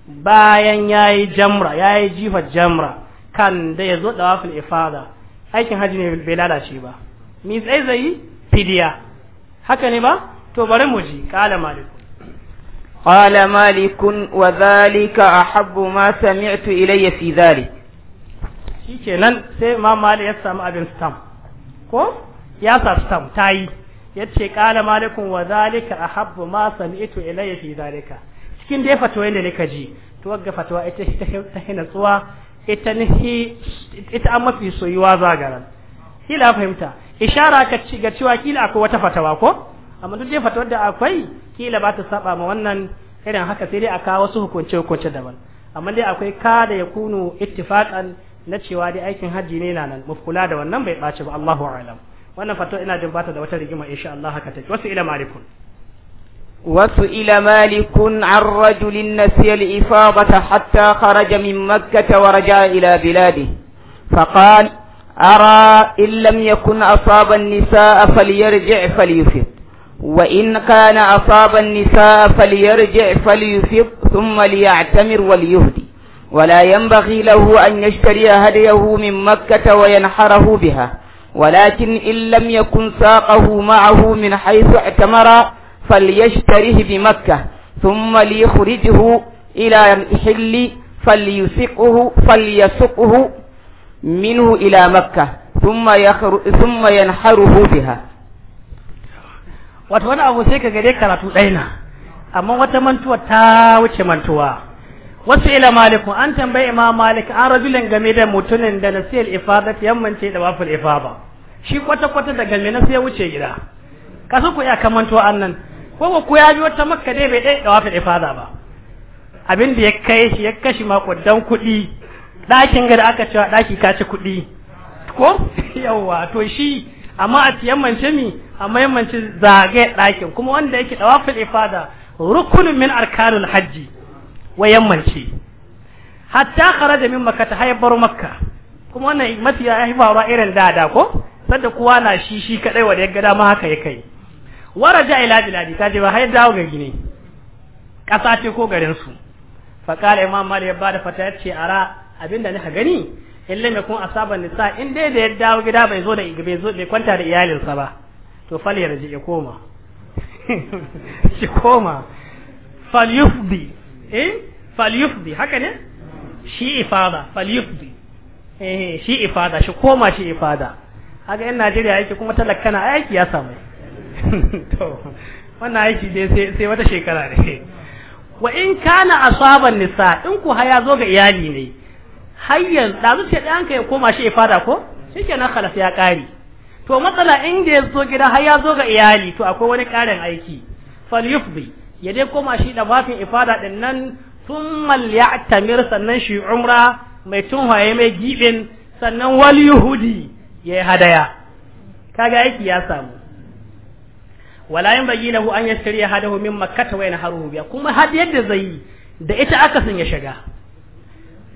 bayan ya yi jamra ya yi jifa jamra kan da ya zo da wafil ifada aikin haji ne bai lalace ba mi sai zai fidiya haka ne ba to bari mu ji kala malik قال مالك وذلك أحب ما سمعت إلي في ذلك shikenan sai ma malik ya samu abin stamp ko ya sa stamp tayi yace qala malikun wa zalika ahabbu ma sami'tu ilayya fi zalika cikin dai fatawa da nika ji to wagga fatawa ita ta hina tsuwa ita ne ita an mafi soyuwa zagaran kila fahimta ishara ka ci ga cewa kila akwai wata fatawa ko amma duk dai fatawar da akwai kila ba ta saba ma wannan irin haka sai dai a kawo wasu hukunce hukunce daban amma dai akwai ka da ya kunu ittifaqan na cewa dai aikin hajji ne nan mufkula da wannan bai ɓaci ba Allahu a'lam wannan fatawa ina jin bata da wata rigima insha Allah haka take wasu ila malikun وسئل مالك عن رجل نسي الإفاضة حتى خرج من مكة ورجع إلى بلاده فقال أرى إن لم يكن أصاب النساء فليرجع فليفض وإن كان أصاب النساء فليرجع فليفض ثم ليعتمر وليهدي ولا ينبغي له أن يشتري هديه من مكة وينحره بها ولكن إن لم يكن ساقه معه من حيث اعتمر فليشتره بمكة ثم ليخرجه إلى الحل فليسقه فليسقه منه إلى مكة ثم يخر ثم ينحره بها wato wani abu sai ka gare karatu ɗaina amma wata mantuwa ta wuce mantuwa wasu ila maliku an tambayi imam malik an rajulin game da mutumin da nasiyar ifada ta yammance da wafil ifaba shi kwata kwata daga me nasiya wuce gida kasu ku iya kamanto annan ko ko ya bi wata makka dai bai dai dawafi ifada ba abin da ya kai shi ya kashi makudan kuɗi ɗakin ga da aka cewa ɗaki ka ci kuɗi ko yawa to shi amma a ci yammance mi amma yammance zage ɗakin kuma wanda yake dawafi ifada rukunin min arkanul hajji wa yammance hatta kharaja min makka ta hayyabar makka kuma wannan mafiya ya yi faruwa irin dada ko sadda kowa na shi shi kadai wanda ya ga dama haka ya kai waraja ila biladi ta je ba har dawo ga gine kasa ce ko garin su fa qala imam mali ya bada fata yace ara abinda nika gani illa me kun asaban nisa in dai da ya dawo gida bai zo da bai zo bai kwanta da iyalinsa ba to fal raji ya koma shi koma fal yufdi eh fal yufdi haka ne shi ifada fal yufdi eh shi ifada shi koma shi ifada haka yan Najeriya yake kuma talakana aiki ya samu wannan aiki dai sai wata shekara ne wa in kana asaban nisa in ku haya zo ga iyali ne hayyan da zuciya ɗanka ya koma shi ya fada ko shikenan khalas ya kare to matsala in ya zo gida har ya zo ga iyali to akwai wani karin aiki fal yufdi ya dai koma shi da bafin ifada din nan thumma ya'tamir sannan shi umra mai tunhaye mai gibin sannan wal yuhudi ya hadaya kaga aiki ya samu wala yin bagi lahu an yashtari hadahu min makkata wa yanharuhu biya kuma had yadda zai da ita aka sun ya shiga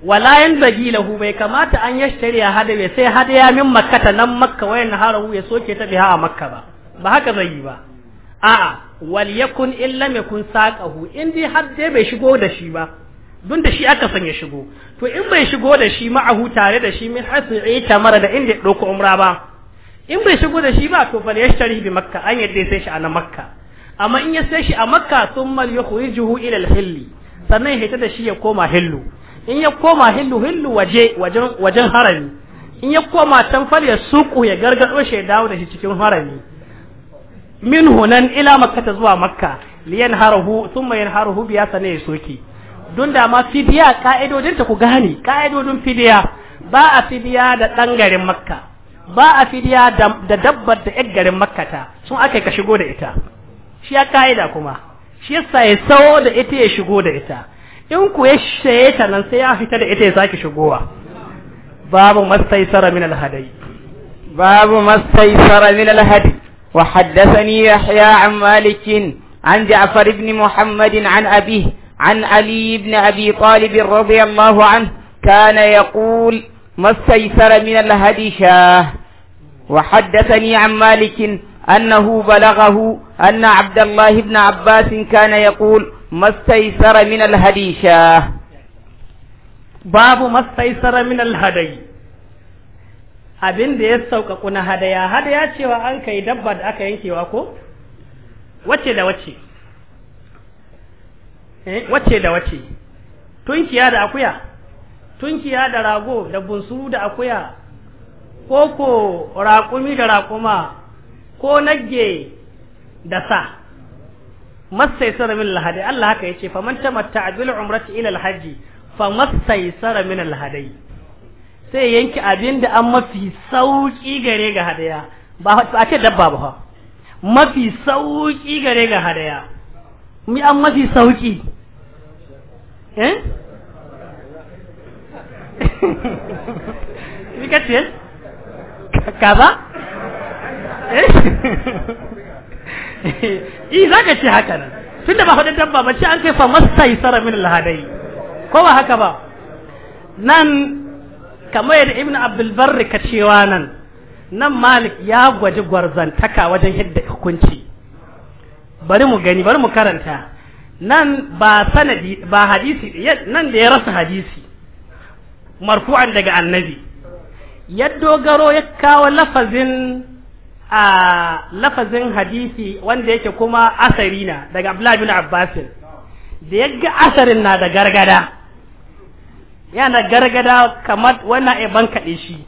wala yin bagi lahu bai kamata an ya hadahu sai ya min makkata nan makka wa yanharuhu ya soke ta biha a makka ba ba haka zai yi ba a'a wal yakun kun saƙa saqahu in dai har dai bai shigo da shi ba dun da shi aka san ya shigo to in bai shigo da shi ma'ahu tare da shi min hasu ita mara da inda ya dauko umra ba in bai shigo da shi ba to fal yashtari bi makka an yadda sai shi a na makka amma in ya sai shi a makka thumma yukhrijuhu ila al-hilli sannan ya da shi ya koma hillu in ya koma hillu hillu waje wajen wajen harami in ya koma can fal ya suku ya gargado shi ya dawo da shi cikin harami min hunan ila makka zuwa makka liyan harahu thumma yanharuhu biya sanai ya soki don da ma fidiya ka'idodin ta ku gane ka'idodin fidiya ba a fidiya da dangaren makka ba a fidiya da dabbar da yan garin makkata sun aka ka shigo da ita shi ya ka'ida kuma shi yasa ya sawo da ita ya shigo da ita in ku ya shaye ta nan sai ya fita da ita ya sake shigowa babu mastaisara min alhadai babu mastaisara min alhadi wa haddathani yahya an malik عن جعفر بن محمد عن أبيه عن علي بن أبي طالب رضي الله kana كان يقول ما استيسر من الهديشة وحدثني عن مالك أنه بلغه أن عبد الله بن عباس كان يقول ما استيسر من الهديشة باب ما استيسر من الهدي abin da ya sauka kuna hadaya hadaya cewa an kai dabba da aka yankewa ko wace da wace eh wace da wace tunkiya da akuya tunkiya da rago da bunsuru da akuya ko ko raƙumi da raƙuma ko nagge da sa masaisara min alhadai Allah haka yace man tamatta bil umrati ila fa masaisara min alhadai sai yanki abinda an mafi sauki gare ga hadaya ba a ce dabba ba mafi sauki gare ga hadaya mi an mafi sauki eh Ini kajian? Kaba? kaza eh za ka ce haka nan tunda ba hudun dabba ba ce an kai fa mastai sara min alhadai ko ba haka ba nan kamar yadda ibn abdulbarri ka cewa nan nan malik ya gwaji gwarzantaka wajen hidda hukunci bari mu gani bari mu karanta nan ba sanadi ba hadisi nan da ya rasa hadisi marfu'an daga annabi ya dogaro ya kawo lafazin a lafazin hadisi wanda yake kuma asari na daga Abdullahi bin Abbas da yaga asarin na da gargada yana gargada kamar wannan iban kaɗe shi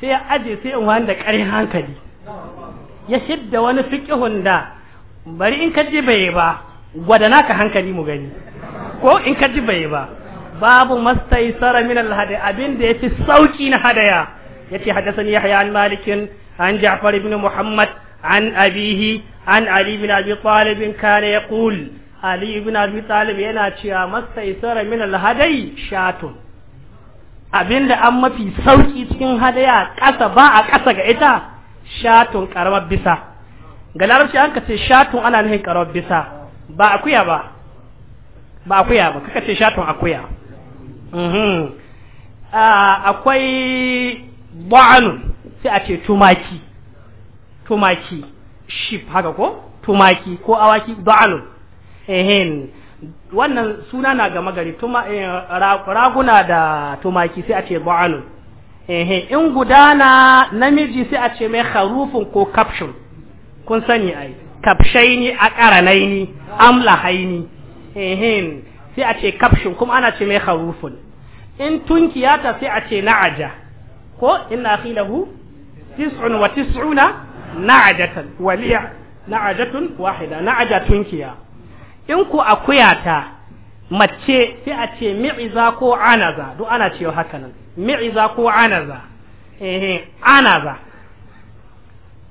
sai ya aje sai in wani da ƙarin hankali ya shidda wani fiƙihun da bari in ka ji bai ba gwada naka hankali mu gani ko in ka ji bai ba babu sara min al-hadi abin da yafi sauki na hadaya yace hadasan yahya an malikin an ja'far ibn muhammad an abihi an ali ibn abi talib kana yaqul ali ibn abi talib yana cewa sara min al-hadi shatun abinda an mafi sauki cikin hadaya ƙasa ba a ƙasa ga ita shatun karamar bisa ga larabci an kace shatun ana nufin karamar bisa ba akuya ba ba akuya ba kaka ce shatun akuya Mhm. Ah, akwai ba'anun sai a ce tumaki tumaki ship haka ko tumaki ko awaki ba'anun ehin wannan suna na gama gari eh, raguna da tumaki sai a ce ba'anun ehin in gudana namiji sai a ce mai harufin ko caption kun sani ai kapshaini a ƙaranaini amlahaini ehin sai a ce kafshin kuma ana ce mai harufun in tunkiyata sai a ce na'aja ko inna khilahu tis'un wa tis'una na'ajatan waliya na'ajatun wahida na'aja tunkiya in ku akuyata mace sai a ce mi'iza ko anaza duk ana cewa haka nan mi'iza ko anaza eh anaza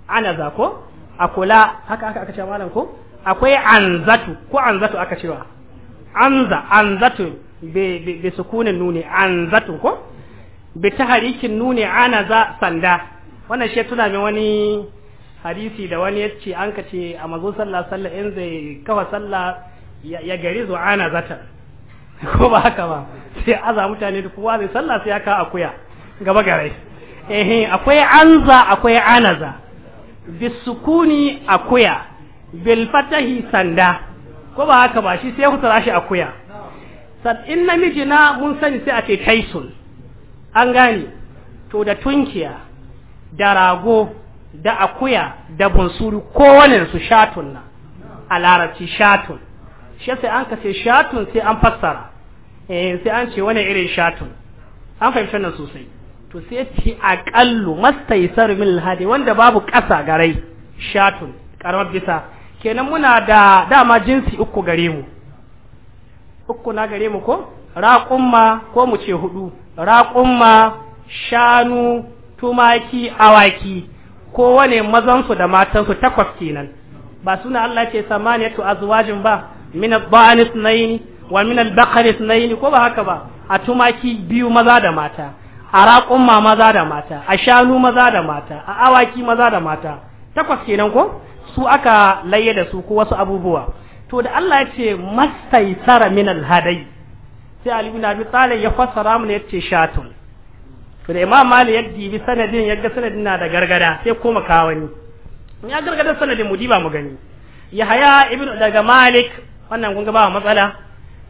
anaza ko akula haka aka aka ce malam ko akwai anzatu ko anzatu aka cewa anza anzatu bi bi nuni anzatu ko bi tahrikin nuni anaza sanda wannan shi tuna min wani hadisi da wani yace an ka ce a mazo sallah sallah in zai kafa sallah ya gari zo anazata ko ba haka ba sai aza mutane da kowa zai sallah sai aka akuya gaba garai eh akwai anza akwai anaza bisukuni akuya bil fatahi sanda ko ba haka ba shi sai tsara shi akuya san in namiji na mun sani sai a ce taisun an gane to da tunkiya da rago da akuya da bunsuru kowane su shatun na a larabci shatun shi sai an kace shatun sai an fassara eh sai an ce wani irin shatun an fahimci nan sosai to sai ce aƙallu mastaisar min hadi wanda babu ƙasa garai shatun ƙaramar bisa kenan muna da dama jinsi uku gare mu uku na gare mu ko raƙumma ko mu ce hudu raƙumma shanu tumaki awaki kowane mazansu da matansu takwas kenan ba suna Allah ce samaniyatu azwajin ba min al-ba'ani wa min al-baqari sunaini ko ba haka ba a tumaki biyu maza da mata a raƙumma maza da mata a shanu maza da mata a awaki maza da mata takwas kenan ko su aka laye da su ko wasu abubuwa to da Allah ya ce mastaisara min alhadai sai Ali ibn Abi Talib ya fassara mu ne yace shatun to da Imam Malik ya dibi sanadin ya ga sanadin na da gargada sai koma kawani ya gargada sanadin mu diba mu gani Yahaya ibn daga Malik wannan kun ga ba matsala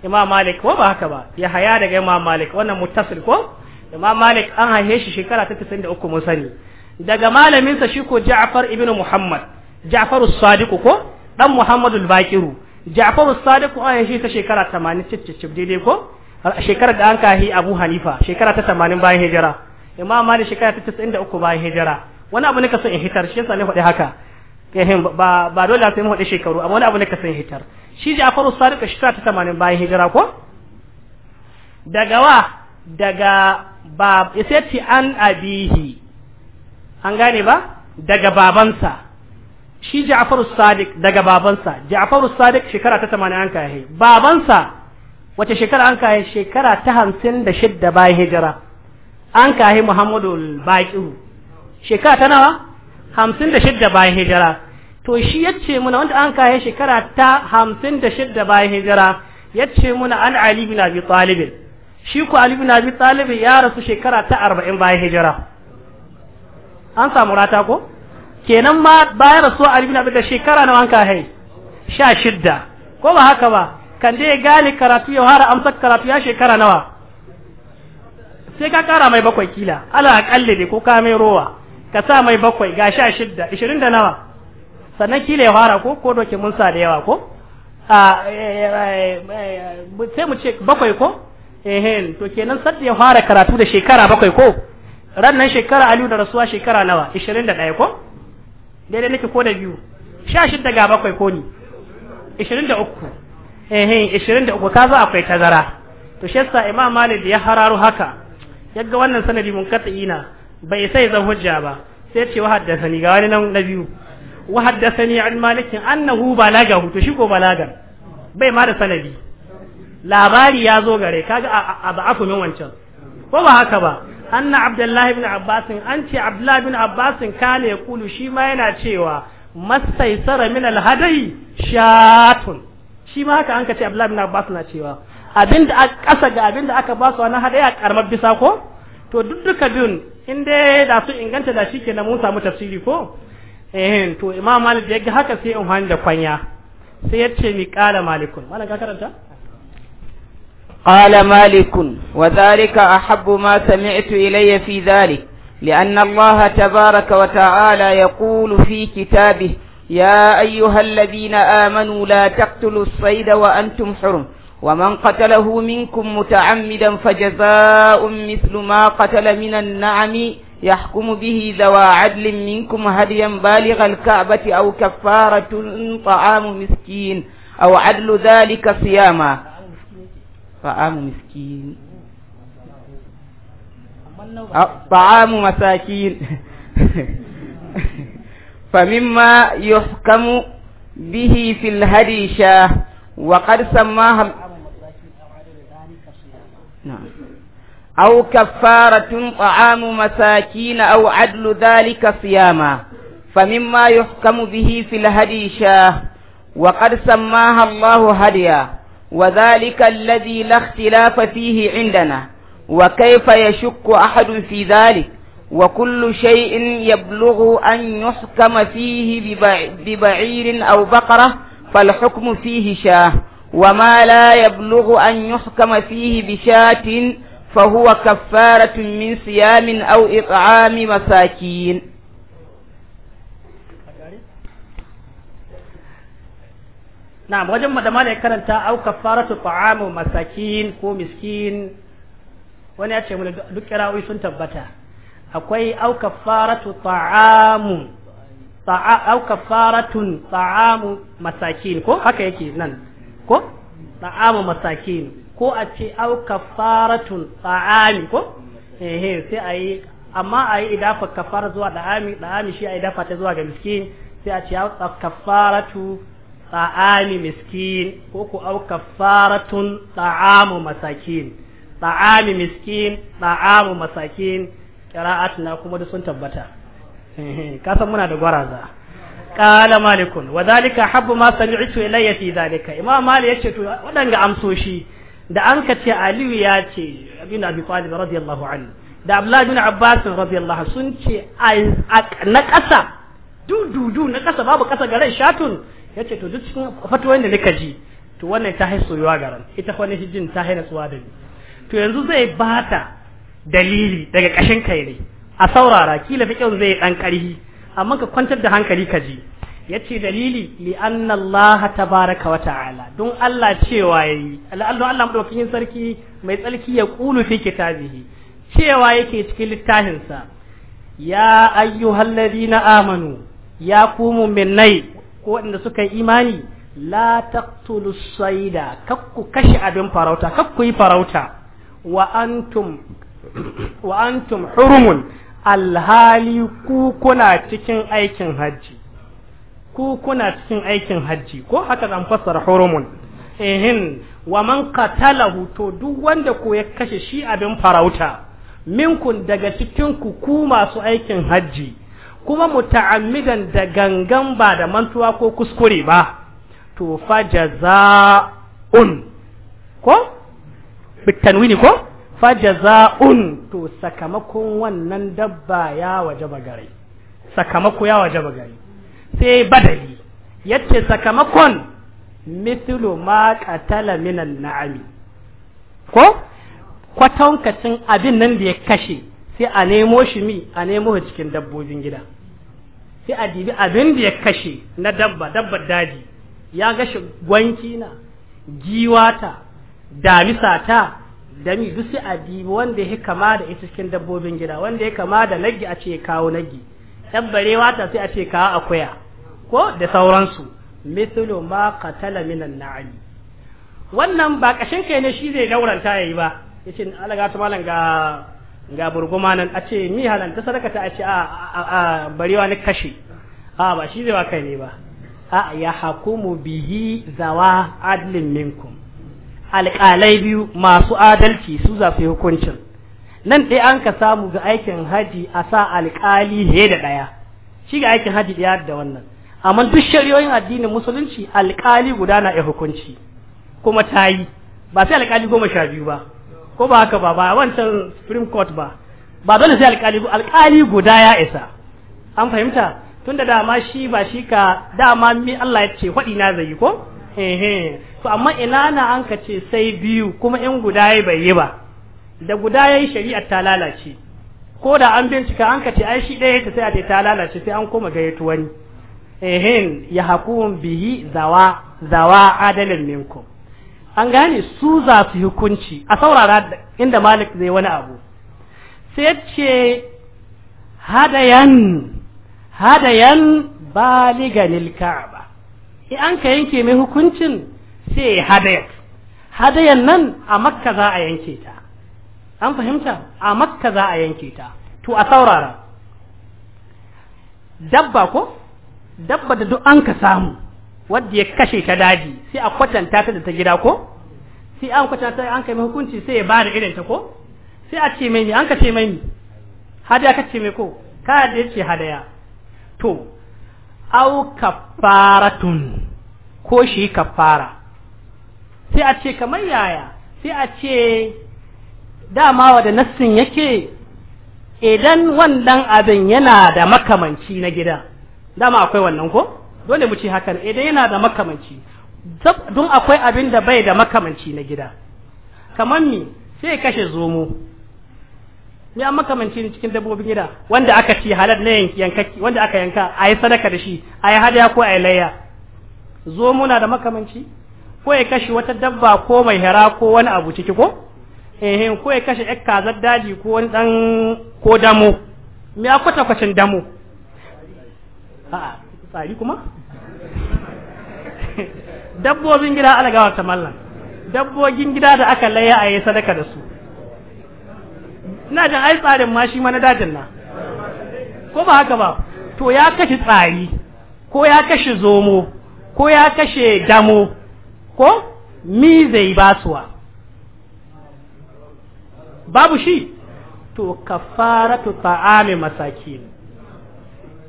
Imam Malik ko ba haka ba Yahaya daga Imam Malik wannan muttasil ko Imam Malik an haife shi shekara ta 93 mun sani daga malamin sa shi ko Ja'far ibn Muhammad Ja'faru Sadiku ko dan Muhammadu Bakiru Ja'faru Sadiku an ah, shi ta shekara 80 cicicip daidai ko shekarar da an kahi Abu Hanifa shekara ta 80 bayan hijira Imam Malik shekara ta 93 bayan hijira wani abu ne ka son in hitar shi yasa ne faɗi haka kai ba ba dole sai mu faɗi shekaru amma wani abu ne ka son hitar shi Ja'faru Sadiku shekara ta 80 bayan hijira ko daga wa daga ba sai an abihi an gane ba daga babansa shi Ja'faru Sadiq daga babansa Ja'faru Sadiq shekara ta 80 an kai babansa wace shekara an kai shekara ta 56 bayan hijira an kai Muhammadu Baqir shekara ta nawa 56 bayan hijira to shi yace muna wanda an kai shekara ta 56 bayan hijira yace muna an Ali bin Abi Talib shi ku Ali bin Abi Talib ya rasu shekara ta 40 bayan hijira an samu rata ko kenan ma bayan rasuwa Ali bin Abi shekara na wanka hai sha shidda ko ba haka ba kan dai gane karatu ya fara amsa karatu ya shekara nawa sai ka kara mai bakwai kila ala akalle dai ko ka mai rowa ka sa mai bakwai ga sha shidda ishirin da nawa sannan kila ya fara ko ko doke mun sa da yawa ko eh, eh, eh, sai mu ce bakwai ko ehen to kenan sad ya fara karatu da shekara bakwai ko ran nan shekara aliyu da rasuwa shekara nawa ishirin da ɗaya ko daidai nake ko da biyu sha shida ga bakwai ko ni ishirin da uku eh ishirin da uku ka zo akwai tazara to shi yasa imam malik ya hararu haka yaga wannan sanadi mun kata ina bai sai zan hujja ba sai ce wa sani ga wani nan na biyu wa sani an malikin annahu balagahu to shi ko balagan bai ma da sanadi labari ya zo gare kaga a ba'afu min wancan ko ba haka ba anna abdullahi ibn abbas an ce abdullahi ibn abbas ya kulu shi ma yana cewa masaisara min alhadai shatun shi ma haka an ka ce abdullahi ibn abbas na cewa abinda a ƙasa ga abinda aka ba su wani hadaya karamar bisa ko to duk duka biyun in dai da su inganta da shi kenan mun samu tafsiri ko eh to imam malik ya ga haka sai in da kwanya sai ya ce mi kala malikun malam ka karanta قال مالك وذلك أحب ما سمعت إلي في ذلك لأن الله تبارك وتعالى يقول في كتابه يا أيها الذين آمنوا لا تقتلوا الصيد وأنتم حرم ومن قتله منكم متعمدا فجزاء مثل ما قتل من النعم يحكم به ذوى عدل منكم هديا بالغ الكعبة أو كفارة طعام مسكين أو عدل ذلك صياما طعام مسكين طعام مساكين فمما يحكم به في الهدي شاه وقد سماها نعم. أو كفارة طعام مساكين أو عدل ذلك صياما فمما يحكم به في الهدي شاه وقد سماها الله هديا وذلك الذي لا اختلاف فيه عندنا وكيف يشك أحد في ذلك وكل شيء يبلغ أن يحكم فيه ببعير أو بقرة فالحكم فيه شاه وما لا يبلغ أن يحكم فيه بشاة فهو كفارة من صيام أو إطعام مساكين na wajen madama ya karanta au kafaratu ta'amu masakin ko miskin wani ya ce mu duk kirawoyi sun tabbata akwai au kafaratu ta'amu au kafaratun ta'amu masakin ko haka yake nan ko ta'amu masakin ko a ce au kafaratun ta'ami ko ehe sai a yi amma a yi idafa kafar zuwa da'ami da'ami shi a idafa ta zuwa ga miskin sai a ce au kafaratu ta'ami miskin ko ku au kaffaratun ta'amu masakin ta'ami miskin ta'amu masakin qira'atuna kuma da sun tabbata kasan muna da gwaraza qala malikun wa dhalika ma sami'tu ilayya fi dhalika imam yace to wadanga amsoshi da an ka ce aliyu ya ce abin abi talib radiyallahu anhu da abdullahi bin abbas radiyallahu sun ce na kasa dududu na kasa babu shatun yace to duk cikin fatuwar da nika ji to wannan ta haihu soyuwa ran ita shi jin ta haihu tsuwa da ni to yanzu zai ba ta dalili daga kashin kai ne a saurara kila fi kyau zai dan karhi amma ka kwantar da hankali ka ji yace dalili li anna Allah tabaraka wa ta'ala don Allah cewa yayi Allah Allah madaukakin sarki mai tsarki ya kulu fi kitabihi cewa yake cikin littafinsa ya ayyuhal ladina amanu ya ku minnai. ko waɗanda suka yi imani la taqtulu sayda kakku kashe abin farauta kakku yi farauta wa antum wa antum hurumun alhali ku kuna cikin aikin hajji ku kuna cikin aikin hajji ko haka zan fassara hurumun ehin wa man qatalahu to duk wanda ko ya kashe shi abin farauta minkun daga cikin ku ku masu aikin hajji kuma muta'ammidan da gangan ba da mantuwa ko kuskure ba to fa jazaa'un ko bitanwini ko fa jazaa'un to sakamakon wannan dabba ya waje bagare sakamako ya waje bagare sai badali yace sakamakon mithlu ma qatala minan na'ami ko kwatankacin abin nan da ya kashe sai a nemo shi mi a nemo shi cikin dabbobin gida sai a dibi abin da ya kashe na dabba dabbar daji ya gashe gwanki na giwata damisa ta dami duk sai a dibi wanda ya kama da ita cikin dabbobin gida wanda ya kama da nagi a ce kawo nagi dabbarewa ta sai a ce kawo akuya ko da sauransu mithlu ma qatala minan na'ali wannan ba kashin kai ne shi zai gauranta yayi ba yace Allah ga ta malam ga ga burguma nan a ce mi halanta ta a ce a bari ni kashe a ba shi zai wa ne ba a ya hakumu bihi zawa adlin minkum alƙalai biyu masu adalci su za su yi hukuncin nan ɗaya an ka samu ga aikin haji a sa alƙali he da ɗaya shi ga aikin haji ɗaya da wannan amma duk shari'o'in addinin musulunci alƙali guda na iya hukunci kuma ta yi ba sai alƙali goma sha biyu ba ko ba haka ba ba wancan supreme court ba ba dole sai alkali alkali guda ya isa an fahimta tunda dama shi ba shi ka dama mi Allah ya ce faɗi na zai ko eh to amma ina na an ka ce sai biyu kuma in guda ya bai yi ba da guda yayi yi shari'ar ta lalace ko da an bincika an ka ce ai shi ɗaya sai a ce ta lalace sai an koma gayyato wani ehe ya hakum bihi zawa zawa adalin minkum an gane su za su hukunci a saurara inda malik zai wani abu sai ce hadayan hadayan baliganil ka'aba in an ka yanke mai hukuncin sai hadayat hadayan nan a makka za a yanke ta an fahimta a makka za a yanke ta to a saurara dabba ko dabba da duk an ka samu wadda ya kashe ta daji sai a kwatanta ta da ta gida ko sai an kwatanta an kai hukunci sai ya bada irin ta ko sai a ce mai ni an ka ce mai ni hadaya ka ce mai ko ka da yace hadaya to au kafaratun ko shi kafara sai a ce kamar yaya sai a ce dama da nassin yake idan wannan abin yana da makamanci na gida dama akwai wannan ko dole mu ce hakan idan eh, yana da makamanci don akwai abin da bai da makamanci na gida kamar mi sai kashe zomo ya makamanci cikin dabbobin gida wanda aka ci halar na yanka wanda aka yanka a yi sadaka da shi a yi hadaya ko a yi layya zomo na da makamanci ko ya kashe wata dabba ko mai hira ko wani abu ciki ko eh ko ya kashe ƴar kazar daji ko wani dan ko damo me akwai kwata kwacin damo a'a tsari kuma dabbobin gida alagawa ta mallan dabbobin gida da aka laya a yi sadaka da su ina jin ai tsarin ma shi mana dajin na ko ba haka ba to ya kashe tsari ko ya kashe zomo ko ya kashe damo ko mi zai basuwa babu shi to kafaratu ta'ami masakin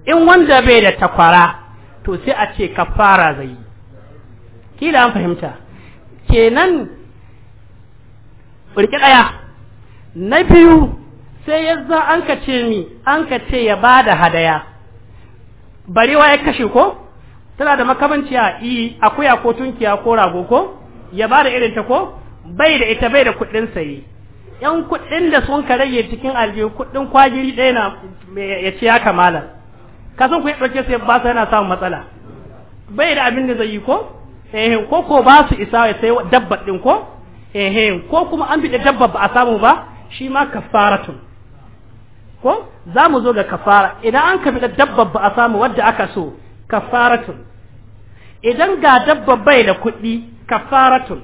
in wanda bai da takwara to sai a ce kafara zai yi kila an fahimta kenan burki ɗaya na biyu sai ya za an ka ce ni an ka ce ya ba da hadaya barewa ya kashe ko tana da makamanci a i akuya ko tunkiya ko rago ko ya bada irin ta ko bai da ita bai da kuɗin saye yan kuɗin da sun ka rage cikin aljihu kuɗin kwagiri ɗaya na ya ce ya kamala ka san ku ya ɗauke sai ba su yana samun matsala bai da abin da zai yi ko ehe ko ko ba su isa ya sai dabba ɗin ko ehe ko kuma an bide dabba ba a samu ba shi ma kafaratun ko za mu zo ga kafara idan an ka bide dabbar ba a samu wadda aka so kafaratun idan ga dabba bai da kuɗi kafaratun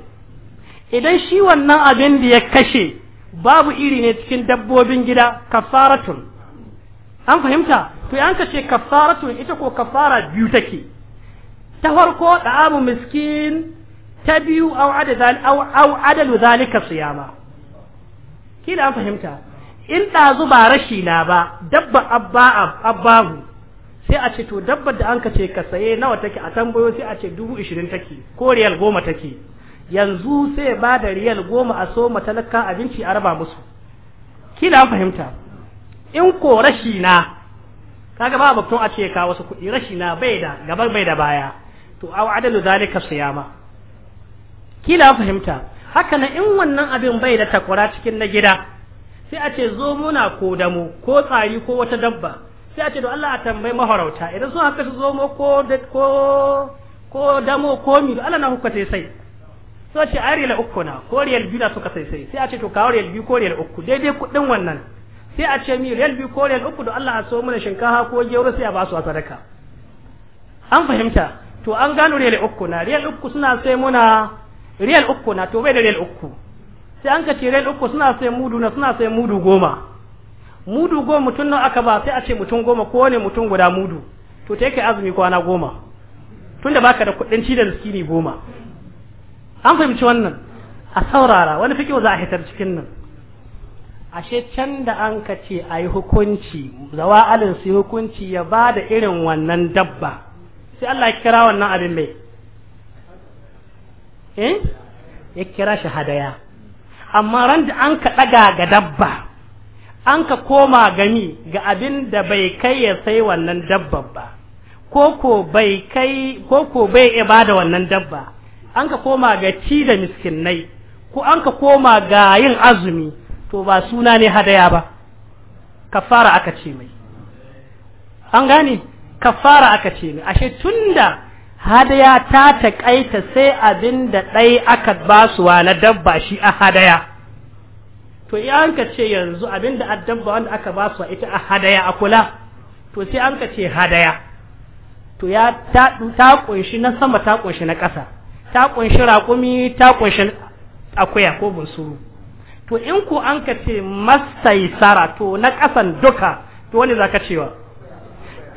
idan shi wannan abin da ya kashe babu iri ne cikin dabbobin gida kafaratun an fahimta to yan ka ce kafaratu ita ko kafara biyu take ta farko abu miskin ta biyu au adadal au adalu zalika siyama ki da fahimta in ɗazu ba rashi na ba dabba abba abbahu sai a ce to dabbar da an ka ce ka saye nawa take a tambayo sai a ce dubu ishirin take ko riyal goma take yanzu sai ba da riyal goma a so matalaka abinci a raba musu ki da fahimta in ko rashi na kaga ba batun a ce ka wasu kuɗi rashi na bai da gabar bai da baya to aw adalu zalika siyama kila fahimta haka na in wannan abin bai da takwara cikin na gida sai a ce zo muna ko damu ko tsari ko wata dabba sai a ce to Allah a tambayi mahorauta idan sun haka su zomo ko ko ko damo ko mi Allah na hukka sai sai a ce a riyal uku na ko riyal biyu na suka sai sai sai a ce to kawo riyal biyu ko riyal uku daidai kuɗin wannan sai a ce mi riyal biyu ko yal uku da Allah a so mana shinkafa ko gero sai a ba su a sadaka an fahimta to an gano riyal uku na riyal uku suna sai muna riyal uku na to bai da riyal uku sai an ka ce riyal uku suna sai mudu na suna sai mudu goma mudu goma mutum nan aka ba sai a ce mutum goma ko ne mutum guda mudu to ta yake azumi kwana goma tunda baka da kuɗin cidan da goma an fahimci wannan a saurara wani fikiyo za a hitar cikin nan ashe can da an ka ce a yi hukunci zawa alin su hukunci ya ba da irin wannan dabba sai Allah ya kira wannan abin mai eh ya kira shi hadaya amma ran da an ka ɗaga ga dabba an ka koma gami ga abin da bai kai ya sai wannan dabban ba koko bai kai koko bai ibada wannan dabba an ka koma ga ci da miskinai ko an ka koma ga yin azumi to ba suna ne hadaya ba kafara aka ce mai an gane kafara aka ce mai ashe tunda hadaya ta taƙaita sai abin da ɗai aka basuwa na dabba shi a hadaya to iya an ka ce yanzu abin da dabba wanda aka basuwa ita a hadaya a kula to sai an ka ce hadaya to ya ta kunshi na sama ta kunshi na ƙasa ta kunshi raƙumi ta kunshi akuya ko bunsuru to in ku an ka ce masaisara to na ƙasan duka to wani za ka cewa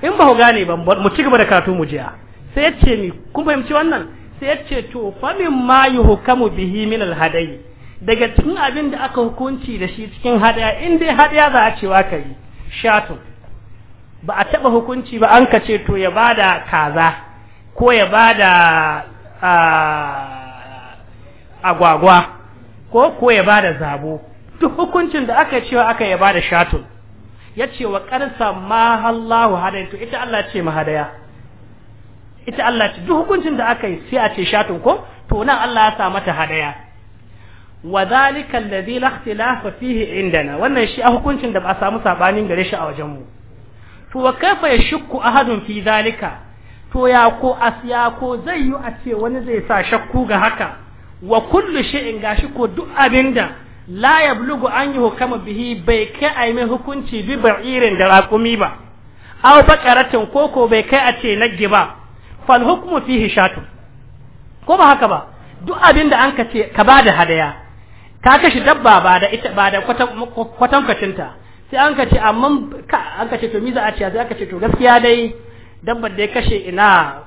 in ba ku gane ba mu ci gaba da karatu mu jiya sai yace ce ni kun fahimci wannan sai yace ce to famin ma yi hukamu bihi min alhadai daga cikin abin da aka hukunci da shi cikin hadaya in dai hadaya za a cewa ka yi shatun ba a taɓa hukunci ba an ka ce to ya bada kaza ko ya bada ah, agwagwa ko ko ya bada zabo duk hukuncin da aka cewa aka ya bada shatul ya ce wa karsa ma Allahu to ita Allah ce mahadaya ita Allah ce duk hukuncin da aka yi sai a ce shatun ko to nan Allah ya sa mata hadaya wa zalika alladhi la ikhtilafa fihi indana wannan shi a hukuncin da ba a samu sabanin gare shi a wajen mu to wa kaifa yashukku ahadun fi zalika to ya ko asiya ko zai yi a ce wani zai sa shakku ga haka wa kullu shay'in gashi ko duk abinda la yablugu an yi hukama bihi bai kai a yi mai hukunci bi ba'irin da raƙumi ba aw bakaratin ko bai kai a ce nagge ba fal hukmu fihi shatu ko ba haka ba duk abinda an ka ce ka bada hadaya ka kashi dabba ba da ita ba da kwatankwacinta sai an ka ce amma an ka ce to miza a ce sai aka ce to gaskiya dai dabbar da ya kashe ina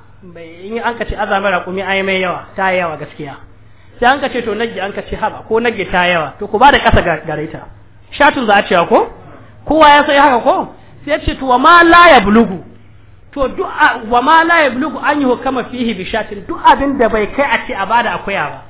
in an ka ce azamar raƙumi ai mai yawa ta yawa gaskiya sai an ka ce to nage an ka ce haba ko nage ta yawa to ku ba da kasa gareta shatun za a cewa ko kowa ya sai haka ko sai ya ce to wa ma la ya bulugu to du'a wa ma la ya bulugu an yi hukama fihi bi shatin duk abin da bai kai a ce a bada akuya ba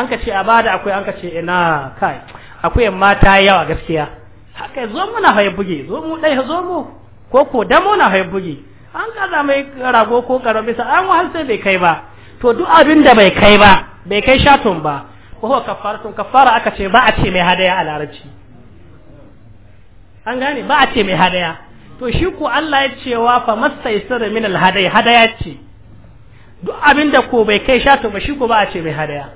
an ka ce a bada akuya an ka ce ina kai akuyan ma ta yawa gaskiya haka zo muna haye buge zo mu dai zo mu ko ko damo na haye buge an kaza mai rago ko karo bisa an wahal sai bai kai ba to duk abin da bai kai ba bai kai shatun ba ko huwa kafaratun kafara aka ce ba a ce mai hadaya a larabci an gane ba a ce mai hadaya to shi ko Allah ya ce wa fa mastaisir min al hadaya hadaya ce duk abin da ko bai kai shatun ba shi ko ba a ce mai hadaya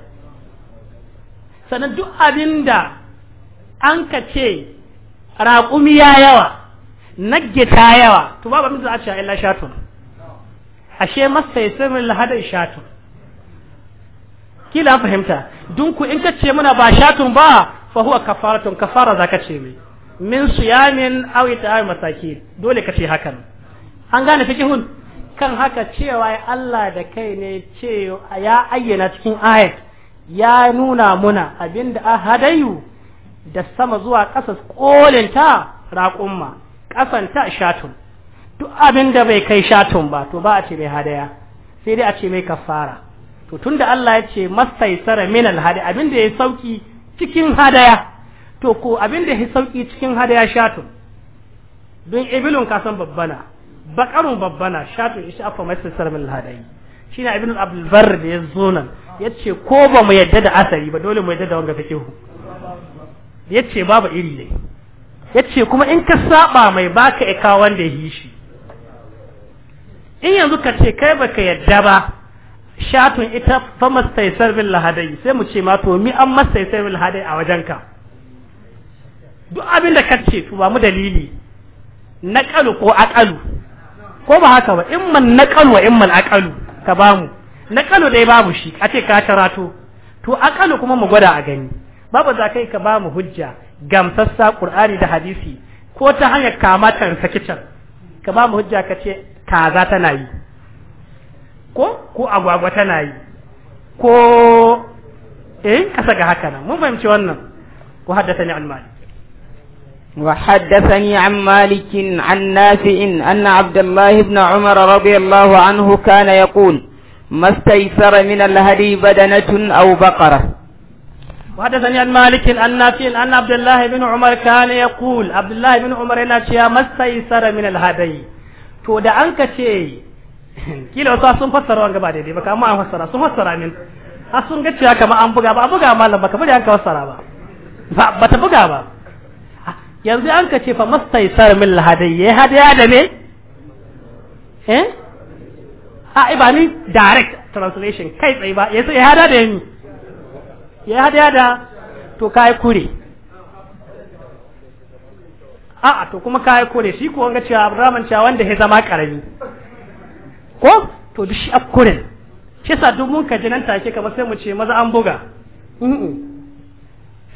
sannan duk abin da an ka ce raƙumi ya yawa nagge ta yawa to babu abin da za a ce illa shatun ashe mastaisir min al hadaya shatun kila fahimta dun ku in ce muna ba shatun ba fa huwa kafaratun kafara ka ce mai min siyamin aw it'am masaki dole ka ce hakan an gane fikihun kan haka cewa Allah da kai ne ce ya ayyana cikin ayat ya nuna muna abinda ahadayu da sama zuwa ƙasa kolinta raƙumma ƙasanta shatun duk abinda bai kai shatun ba to ba a ce mai hadaya sai dai a ce mai kafara to tunda Allah ya ce mastaisara min alhadi abin da ya sauki cikin hadaya to ko abin da ya sauki cikin hadaya shatun don ibilun kasan babbana bakarun babbana shatun ishi afa mastaisara min alhadayi shine ibn abdul barr da ya zo nan Ya ce ko ba mu yadda da asari ba dole mu yadda da wanga Ya yace babu iri ne ce kuma in ka saba mai baka ika wanda yi shi in yanzu ka ce kai baka yadda ba shatun ita fa mastaisar bil lahadai sai mu ce ma to mi an mastaisar bil lahadai a wajenka duk abin da kace to ba mu dalili naqalu ko aqalu ko ba haka ba in man naqalu wa in man aqalu ka ba mu naqalu dai babu shi a ce ka tarato to aqalu kuma mu gwada a gani babu za kai ka ba mu hujja gamsassa qur'ani da hadisi ko ta hanyar kamatar sakitar ka ba mu hujja ka ce kaza tana yi ko ko agwagwa tana yi ko eh kasa ga haka nan mun fahimci wannan ko haddathani an malik wa haddathani an malik an nafi an abdullahi ibn umar radiyallahu anhu kana yaqul مستيسر من الهدي بدنة أو an وحدثني عن مالك أن أن عبد الله بن عمر كان يقول عبد الله بن عمر min مستيسر من الهدي تود أنك شيء kila wasu sun fassara wanga ba daidai ba kama an fassara sun fassara min har sun ga cewa kama an buga ba a buga malam ba kamar an ka fassara ba ba ta buga ba ah, yanzu an ka ce fa mastaisar min lahadayya hadaya da ne eh a ah, ba ni direct translation kai tsaye ba ya ya hada da ni ya hada da to kai kure a to kuma kai kure shi ko an ga cewa Abdurrahman cewa wanda ya zama karami ko to duk shi akurin shi yasa duk mun kaji nan take kamar sai mu ce maza an buga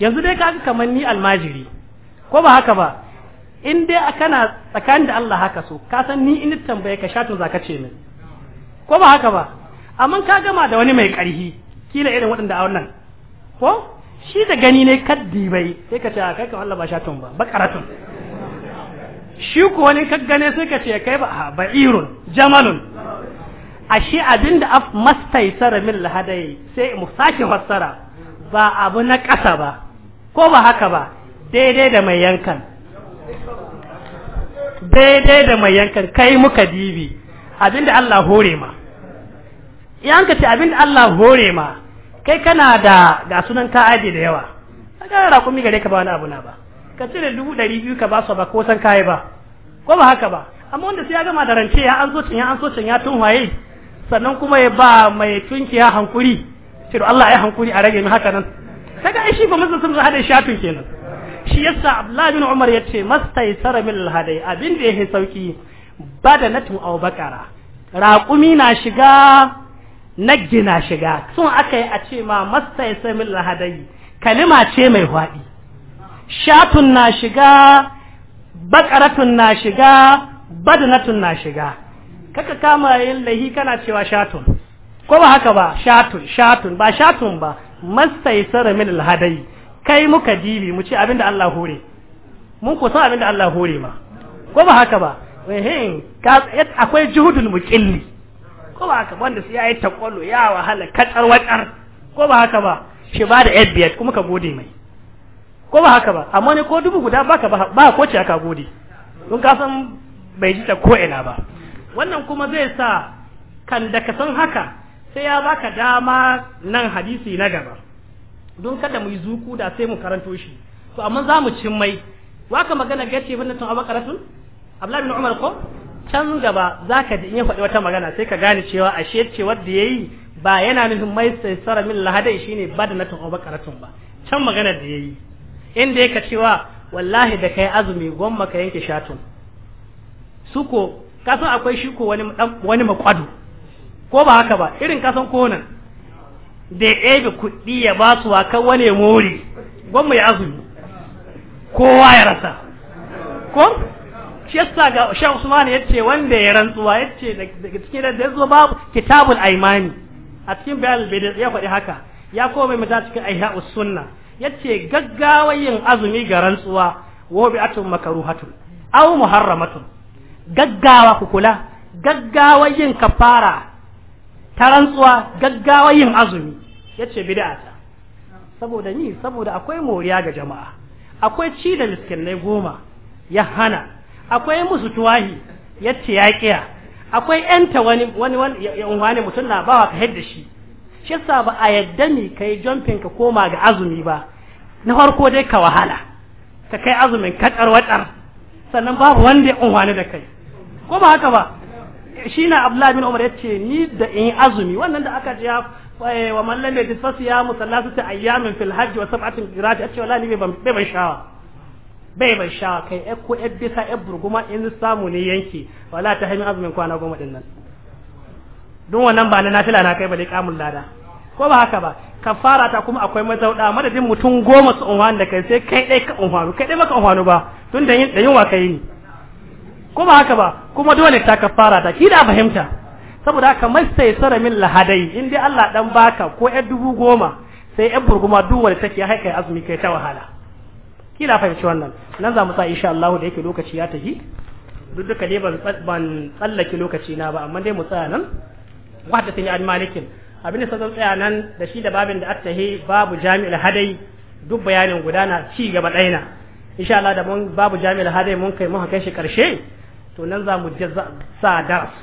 yanzu dai ka kamar ni almajiri ko ba haka ba in dai kana tsakanin da Allah haka so ka san ni in tambaye ka shatun zaka ce min ko ba haka ba amma ka gama da wani mai karhi kila irin waɗanda a wannan ko shi da gani ne kaddi bai sai ka ce a kai kan Allah ba shatun ba bakaratun shi ko wani kaggane sai ka ce kai ba ba irun jamalun ashe abinda af mastaisara min lahadai sai mu sake fassara ba abu na ƙasa ba ko ba haka ba daidai da mai yankan daidai da mai yankan kai muka dibi abinda Allah hore ma ka ce abinda Allah hore ma kai kana da ga sunan ka aje da yawa kaga rakumi gare ka ba wani abu na ba ka cire dubu ɗari biyu ka ba su ba ko san kayi ba ko ba haka ba amma wanda sai ya gama da rance ya an so ya an so ya tun waye sannan kuma ya ba mai tunkiya hankuri ce Allah ya hankuri a rage mai haka nan kaga shi ba musu sun hada shatun kenan shi yasa Abdullahi bin Umar yace mastaisara min hadai abin da yake sauki badanatu aw bakara raqumi na shiga nagge na shiga sun akai a ce ma mastaisara min hadai kalima ce mai hwadi shatun na shiga bakaratun na shiga badanatun na shiga kaka kama yin lahi kana cewa shatun ko ba haka ba shatun shatun ba shatun ba mastaisara min alhadai kai muka dibi mu ce abinda Allah hore mun ku san abinda Allah hore ma ko ba haka ba ehin akwai juhudul muqilli ko ba haka wanda sai yayi takwallo ya wahala katsar wadar ko ba haka ba shi ba da biyar kuma ka gode mai ko ba haka ba amma ne ko dubu guda baka ba ko ce aka gode don ka san bai ji ta ko ina ba wannan kuma zai sa kan da ka san haka sai ya baka dama nan hadisi na gaba don kada mu yi zuku da sai mu karanto shi to amma za mu cin mai waka magana ga ce wannan abu Abdullahi bin Umar ko can gaba zaka ji in ya faɗi wata magana sai ka gane cewa ashe ce wanda yayi ba yana nufin mai saisara min lahadai shine badanatun abu karatun ba can magana da yayi inda yake cewa wallahi da kai azumi gwamma ka yanke shatun suko ka san akwai shi ko wani wani makwado ko ba haka ba irin ka san konan da ya ɗebe kuɗi ya ba su aka wani mori azumi kowa ya rasa ko shi yasa ga Sheikh Usman yace wanda ya rantsuwa ya ce daga cikin da zo babu kitabul aimani a cikin bayan bid'a ya faɗi haka ya koma mai cikin aiha ya ce gaggawa yin azumi ga rantsuwa wa bi'atun makaruhatun aw muharramatun gaggawa ku kula gaggawa yin kafara ta rantsuwa gaggawa yin azumi yace bid'a ta saboda ni saboda akwai moriya ga jama'a akwai ci da miskinai goma ya hana akwai musu tuwahi yace ya kiya akwai yanta wani wani wani mutum na bawa ka hedda shi shi yasa ba a yadda ni kai jumping ka koma ga azumi ba na farko dai ka wahala ka kai azumin katsar watsar sannan babu wanda ya unwani da kai ko ba haka ba shi na abdullahi bin umar yace ni da in azumi wannan da aka ji ya eh, wa man lam yajid fasiyamu ta ayyamin fil hajji wa sab'atin qirat yace ce wala ni bai ban shawa bai ban shawa kai ai ko ai bisa ai burguma in samu ne yanki wala ta hanyar azumin kwana goma dinnan nan don wannan ba na fila na kai ba dai kamun lada ko ba haka ba kafara ta kuma akwai mazauda madadin mutum goma su unwan da kai sai kai dai ka unwanu kai dai baka unwanu ba tun da yin wa kai ne ko ba haka ba kuma dole ta kafara ta ki da fahimta saboda haka masai saramin lahadai in dai Allah dan baka ko yar dubu goma sai yar burguma duk wanda take haika azumi kai ta wahala ki da fahimci wannan nan za mu sa insha Allah da yake lokaci ya tafi duk duka dai ban tsallake lokaci na ba amma dai mu tsaya nan wahdathani an malikin abin da sa tsaya nan da shi da babin da attahi babu jami'ul hadai duk bayanin gudana ci gaba ɗaina insha Allah da mun babu jami'ul hadai mun kai muka kai shi karshe to nan za mu sa daras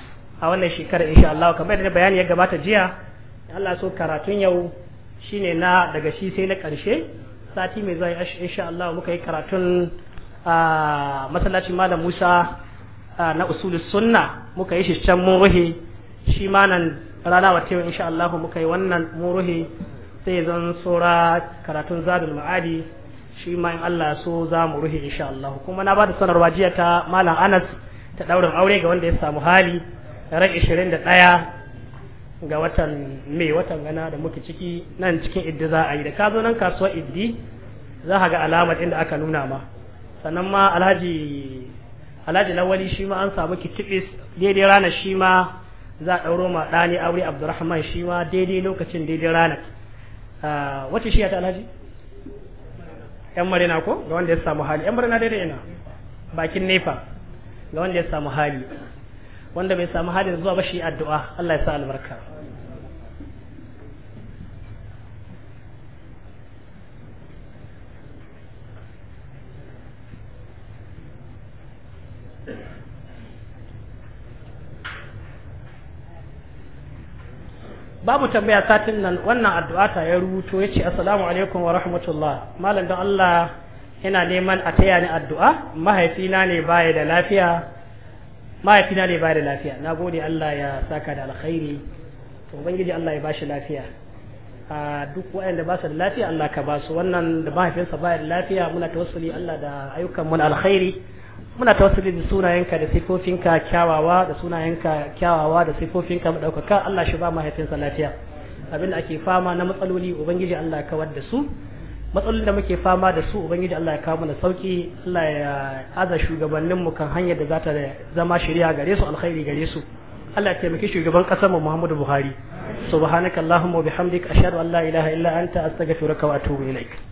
a wannan shekarar insha Allah kamar da bayani ya gabata jiya Allah so karatun yau shine na daga shi sai na karshe sati mai zai insha Allah muka yi karatun a masallacin malam Musa na usulus sunna muka yi shi can mun ruhi shi ma nan rana wata yau insha Allah muka yi wannan muruhi sai zan tsora karatun zadul ma'adi shi ma in Allah so za mu ruhi insha Allah kuma na bada sanarwa jiya ta malam Anas ta daurin aure ga wanda ya samu hali ran 21 ga watan me watan gana da muke ciki nan cikin iddi za a yi da ka nan kasuwar iddi za ka ga alamar inda aka nuna ma sannan ma alhaji alhaji lawali shi ma an samu kitibis daidai ranar shi ma za a ɗauro ma ɗani aure abdurrahman shi ma daidai lokacin daidai ranar ah, wacce shi ya ta alhaji yan marina ko ga wanda ya samu hali yan marina daidai ina bakin nefa ga wanda ya samu hali wanda bai samu hali zuwa ba shi addu'a Allah ya sa albarka babu tambaya satin nan wannan addu'a ta ya rubuto ya ce assalamu alaikum wa rahmatullah malam don Allah ina neman a taya ni addu'a mahaifina ne baya da lafiya mahaifina ne baya da lafiya na gode Allah ya saka da alkhairi to ubangiji Allah ya bashi lafiya a duk waɗanda ba su da lafiya Allah ka ba su wannan da mahaifinsa baya da lafiya muna tawassuli Allah da ayyukan mun alkhairi muna tawassuli da sunayenka da sifofinka kyawawa da sunayenka kyawawa da sifofinka madaukaka Allah shi ba mahaifinsa lafiya abinda ake fama na matsaloli ubangiji Allah ya kawar da su matsalolin da muke fama da su ubangiji Allah ya kawo mana sauki Allah ya aza shugabannin mu kan hanyar da za ta zama shari'a gare su alkhairi gare su Allah ya taimaki shugaban kasar mu Muhammadu Buhari subhanakallahumma wa bihamdika ashhadu an la ilaha illa anta astaghfiruka wa atubu ilaik